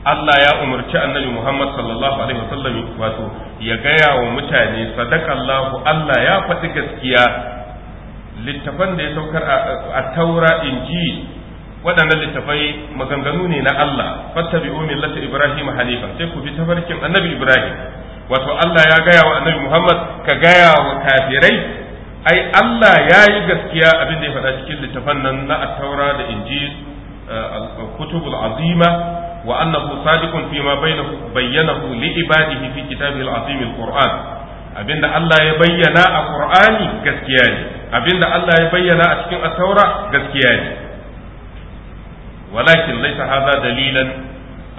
Allah ya umarci annabi Muhammad sallallahu alaihi wasallam wato ya gaya wa mutane sadakallahu Allah ya faɗi gaskiya littafan da ya saukar a taura inji waɗannan littafai maganganu ne na Allah fattabi'u millata ibrahim hanifa sai ku bi tafarkin annabi ibrahim wato Allah ya gaya wa annabi Muhammad ka gaya wa kafirai ai Allah ya yi gaskiya abin da ya faɗa cikin littafan nan na at-taura da injil eh, kutubul azima wa annahu sadiqun fi ma bainahu bayyanahu li ibadihi fi kitabihi al-azim al-qur'an abinda Allah ya bayyana a Qur'ani gaskiya ne abinda Allah ya bayyana a cikin at-taura gaskiya ne walakin laysa haza dalilan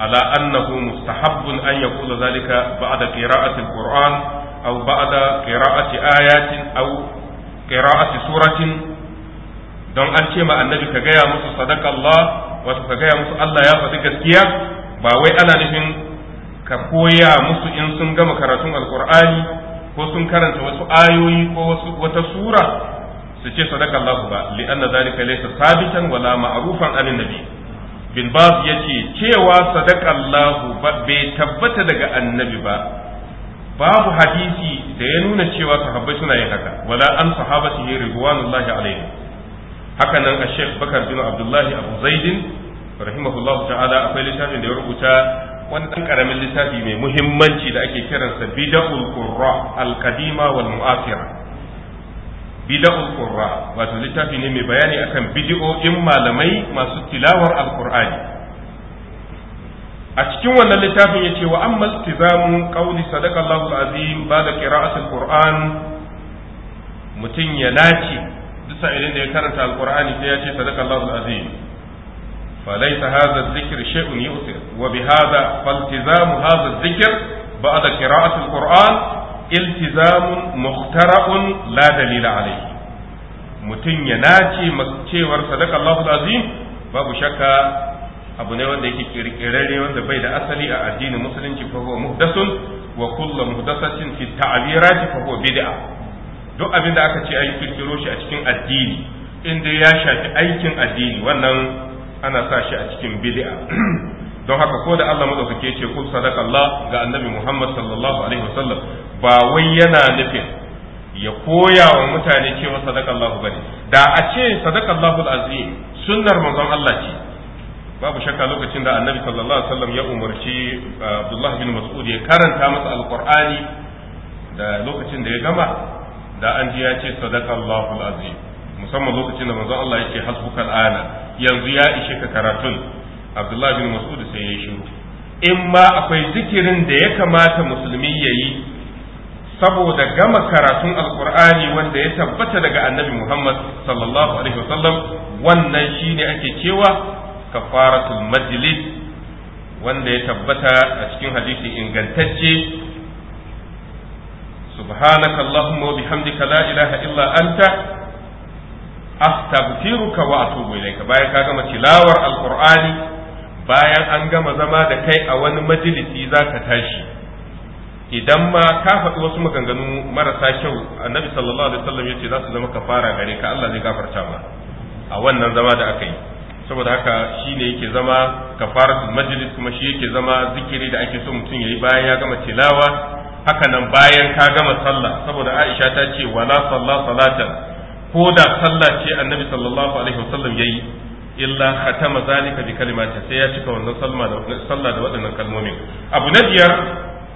ala annahu mustahabbun an yaqula zalika ba'da qira'ati alquran aw ba'da qira'ati ayatin aw qira'ati suratin don an ce ma annabi ka gaya musu sadaka Allah wasu ka gaya musu Allah ya faɗi gaskiya ba wai ana nufin ka koya musu in sun gama karatun alkur'ani ko sun karanta wasu ayoyi ko wasu wata sura su ce sadaka Allah ba li'anna zalika laysa sabitan wala ma'rufan anin nabi bin bas ya ce cewa allahu bai tabbata daga annabi ba babu hadisi da ya nuna cewa sahabbai suna yin haka wala an sahabatihi ridwanullahi alaihi haka nan a sheikh bakar bin abdullahi abu zaidin rahimahullahu ta'ala akwai littafin da ya rubuta wani dan karamin littafi mai muhimmanci da ake kiransa bidaul qurra al-qadima wal mu'asira bid'ul qurra wato littafi ne mai bayani akan bid'o'in malamai masu tilawar alqur'ani a cikin wannan littafin yace wa amma istizamu qawli sadaqallahu alazim ba'da qira'ati alqur'an mutum ya nace duk sa'ilin da ya karanta alqur'ani sai ya ce sadaqallahu alazim فليس هذا الذكر شيء يؤثر وبهذا فالتزام هذا الذكر بعد قراءة القرآن iltizamun muhtara'un la dalila alaihi mutum ya nace cewar sadaka Allahu azim babu shakka abu ne wanda yake kirkirarre wanda bai da asali a addinin musulunci fa huwa muhdasun wa kullu muhdasatin fi ta'birat fa huwa bid'a duk abin da aka ce an kirkiro shi a cikin addini in dai ya shafi aikin addini wannan ana sa shi a cikin bid'a don haka ko da Allah madaukake ce kul sadaka Allah ga annabi Muhammad sallallahu alaihi wasallam ba wai yana nufin ya koya wa mutane cewa sadaka Allah ne da a ce sadaka Allah azim sunnar manzon Allah ce babu shakka lokacin da annabi sallallahu alaihi wasallam ya umarci uh, Abdullah bin Mas'ud ya karanta masa alqur'ani da lokacin da ya gama da an ji ya ce sadaka Allah azim musamman lokacin da manzon Allah yake hasbukal ana yanzu ya ishe ka karatun abdullahi bin mas'ud sai ya shiru in ma akwai zikirin da ya kamata musulmi ya yi saboda gama karatun alkur'ani wanda ya tabbata daga annabi muhammad sallallahu alaihi wasallam wannan shine ake cewa kafaratul majlis wanda ya tabbata a cikin hadisi ingantacce subhanaka allahumma wa bihamdika la ilaha illa anta astaghfiruka wa atubu ilayka bayan ka gama tilawar alkur'ani bayan an gama zama da kai a wani majalisi za ka tashi idan ma ka faɗi wasu maganganu marasa kyau annabi sallallahu alaihi wasallam yace za su zama kafara gare ka Allah zai gafarta ma a wannan zama da aka yi saboda haka shine yake zama kafaratul majlis kuma shi yake zama zikiri da ake so mutum yayi bayan ya gama tilawa haka nan bayan ka gama sallah saboda Aisha ta ce wala sallah salatan ko da sallah ce annabi sallallahu alaihi wasallam yayi illa khatama zalika bi kalimati sai ya cika wannan salma da sallah da waɗannan kalmomin abu na biyar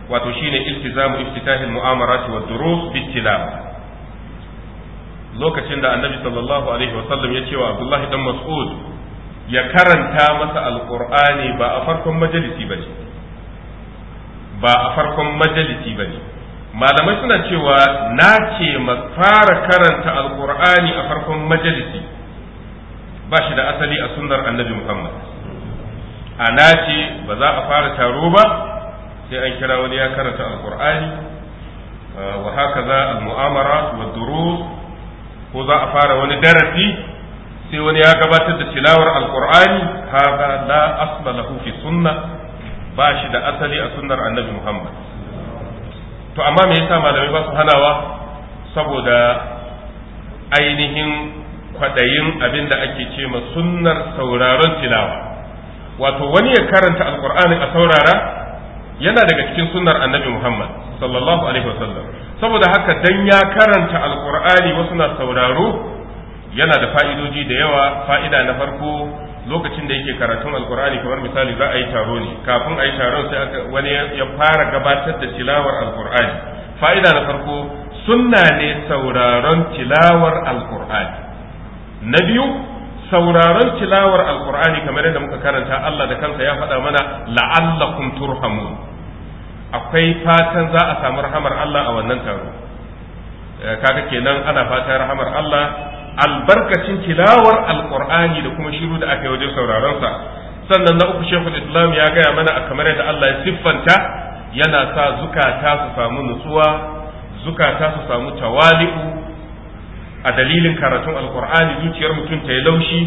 wato shine iltizamu iftitahil mu'amarat wa durus bittilawa lokacin da annabi sallallahu alaihi wa sallam ya ce wa abdullahi dan mas'ud ya karanta masa alqur'ani ba a farkon majalisi bane ba a farkon majalisi bane malamai suna cewa na ce fara karanta alqur'ani a farkon majalisi ba shi da asali a sunnar annabi Muhammad a nace ba za a fara taro ba sai an kira wani ya karanta alkur'ani ah, wa haka za al-mu'amara wa durus ko za a fara wani darasi sai wani ya gabatar da tilawar alkur'ani hada la asla lahu fi sunna ba shi da asali a sunnar annabi Muhammad to amma me yasa malamai ba su hanawa saboda ainihin kwaɗayin abin da ake ce ma sunnar sauraron tilawa wato wani ya karanta alkur'ani a saurara yana daga cikin sunnar annabi muhammad sallallahu alaihi wasallam saboda haka dan ya karanta alkur'ani wasu na sauraro yana da fa'idoji da yawa fa'ida na farko lokacin da yake karatun alkur'ani kamar misali za a yi taro ne kafin a yi taron sai wani ya fara gabatar da tilawar alkur'ani fa'ida na farko sunna ne sauraron tilawar alkur'ani na biyu sauraron tilawar alkur'ani kamar yadda muka karanta Allah da kansa ya faɗa mana la'allakum turhamun akwai fatan za a samu rahamar Allah a wannan taro eh, kaga kenan ana fatan rahamar Allah albarkacin tilawar alkur'ani da kuma shiru da aka yi wajen sauraron sa sannan na uku shehu islam ya gaya mana a kamar yadda Allah ya siffanta yana sa zukata su samu nutsuwa zukata su samu tawali'u a dalilin karatun alkur'ani zuciyar mutum ta yi laushi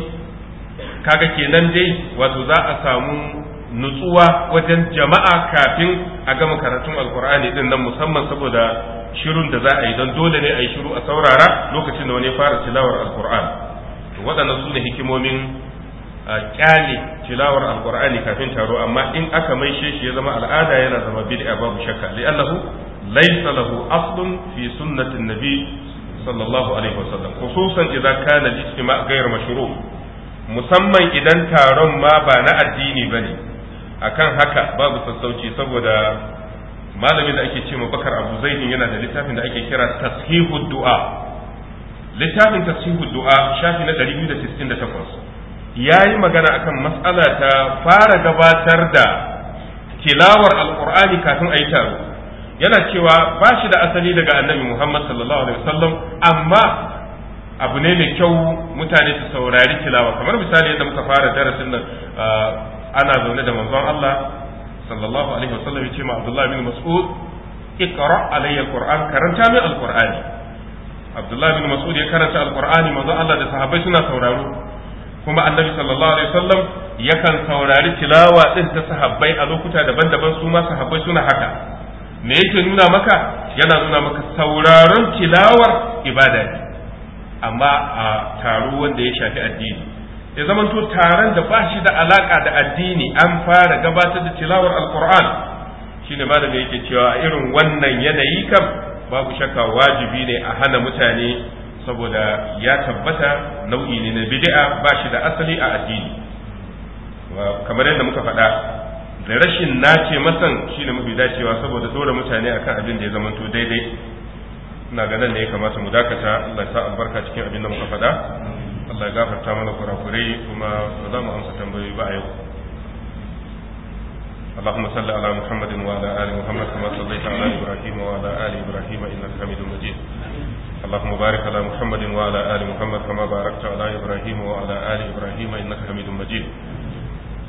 kaga kenan dai wato za a samu nutsuwa wajen jama'a kafin a gama karatun alkur'ani din nan musamman saboda shirun da za a yi don dole ne a yi shiru a saurara lokacin da wani ya fara tilawar alkur'ani waɗannan su ne hikimomin kyale tilawar alkur'ani kafin taro amma in aka maishe shi ya zama al'ada yana zama bid'a babu shakka li'annahu laysa lahu aslun fi sunnatin nabi sallallahu alaihi wasallam khususan idza kana al-ijtima' ghayr mashru' musamman idan taron ma ba na addini bane akan haka babu sassauci saboda malamin da ake ce ma bakar abu zaidin yana da littafin da ake kira tashihud du'a littafin tashihud du'a shafi na 268 yayi magana akan matsala ta fara gabatar da tilawar alkur'ani kafin ayi taro yana cewa ba shi da asali daga annabi Muhammad sallallahu alaihi wasallam amma abu ne mai kyau mutane su saurari tilawa kamar misali yadda muka fara darasin nan ana zaune da manzon Allah sallallahu alaihi wasallam yace ma Abdullah bin Mas'ud iqra alayya alquran karanta min alqurani Abdullah bin Mas'ud ya karanta alqurani manzon Allah da sahabbai suna sauraro kuma annabi sallallahu alaihi wasallam yakan saurari tilawa din ta sahabbai a lokuta daban-daban su ma sahabbai suna haka me yake nuna maka yana nuna maka sauraron tilawar ibada amma a taro wanda ya shafi addini ya zamanto taron da ba shi da alaka da addini an fara gabatar da tilawar alkur'an shine malami yake cewa a irin wannan yanayi kam babu shakka wajibi ne a hana mutane saboda ya tabbata nau'i ne na bid'a ba shi da asali a addini kamar yadda muka faɗa da rashin nace masan shine mafi dacewa saboda dora mutane akan abin da ya to daidai ina ga nan ne ya kamata mu dakata Allah ya sa albarka cikin abin da muka faɗa Allah ya gafarta mana kurakurai kuma ba za mu amsa tambayoyi ba a yau اللهم صل على محمد وعلى ال محمد كما صليت على ابراهيم وعلى ال ابراهيم انك حميد مجيد اللهم بارك على محمد وعلى ال محمد كما باركت على ابراهيم وعلى ال ابراهيم انك حميد مجيد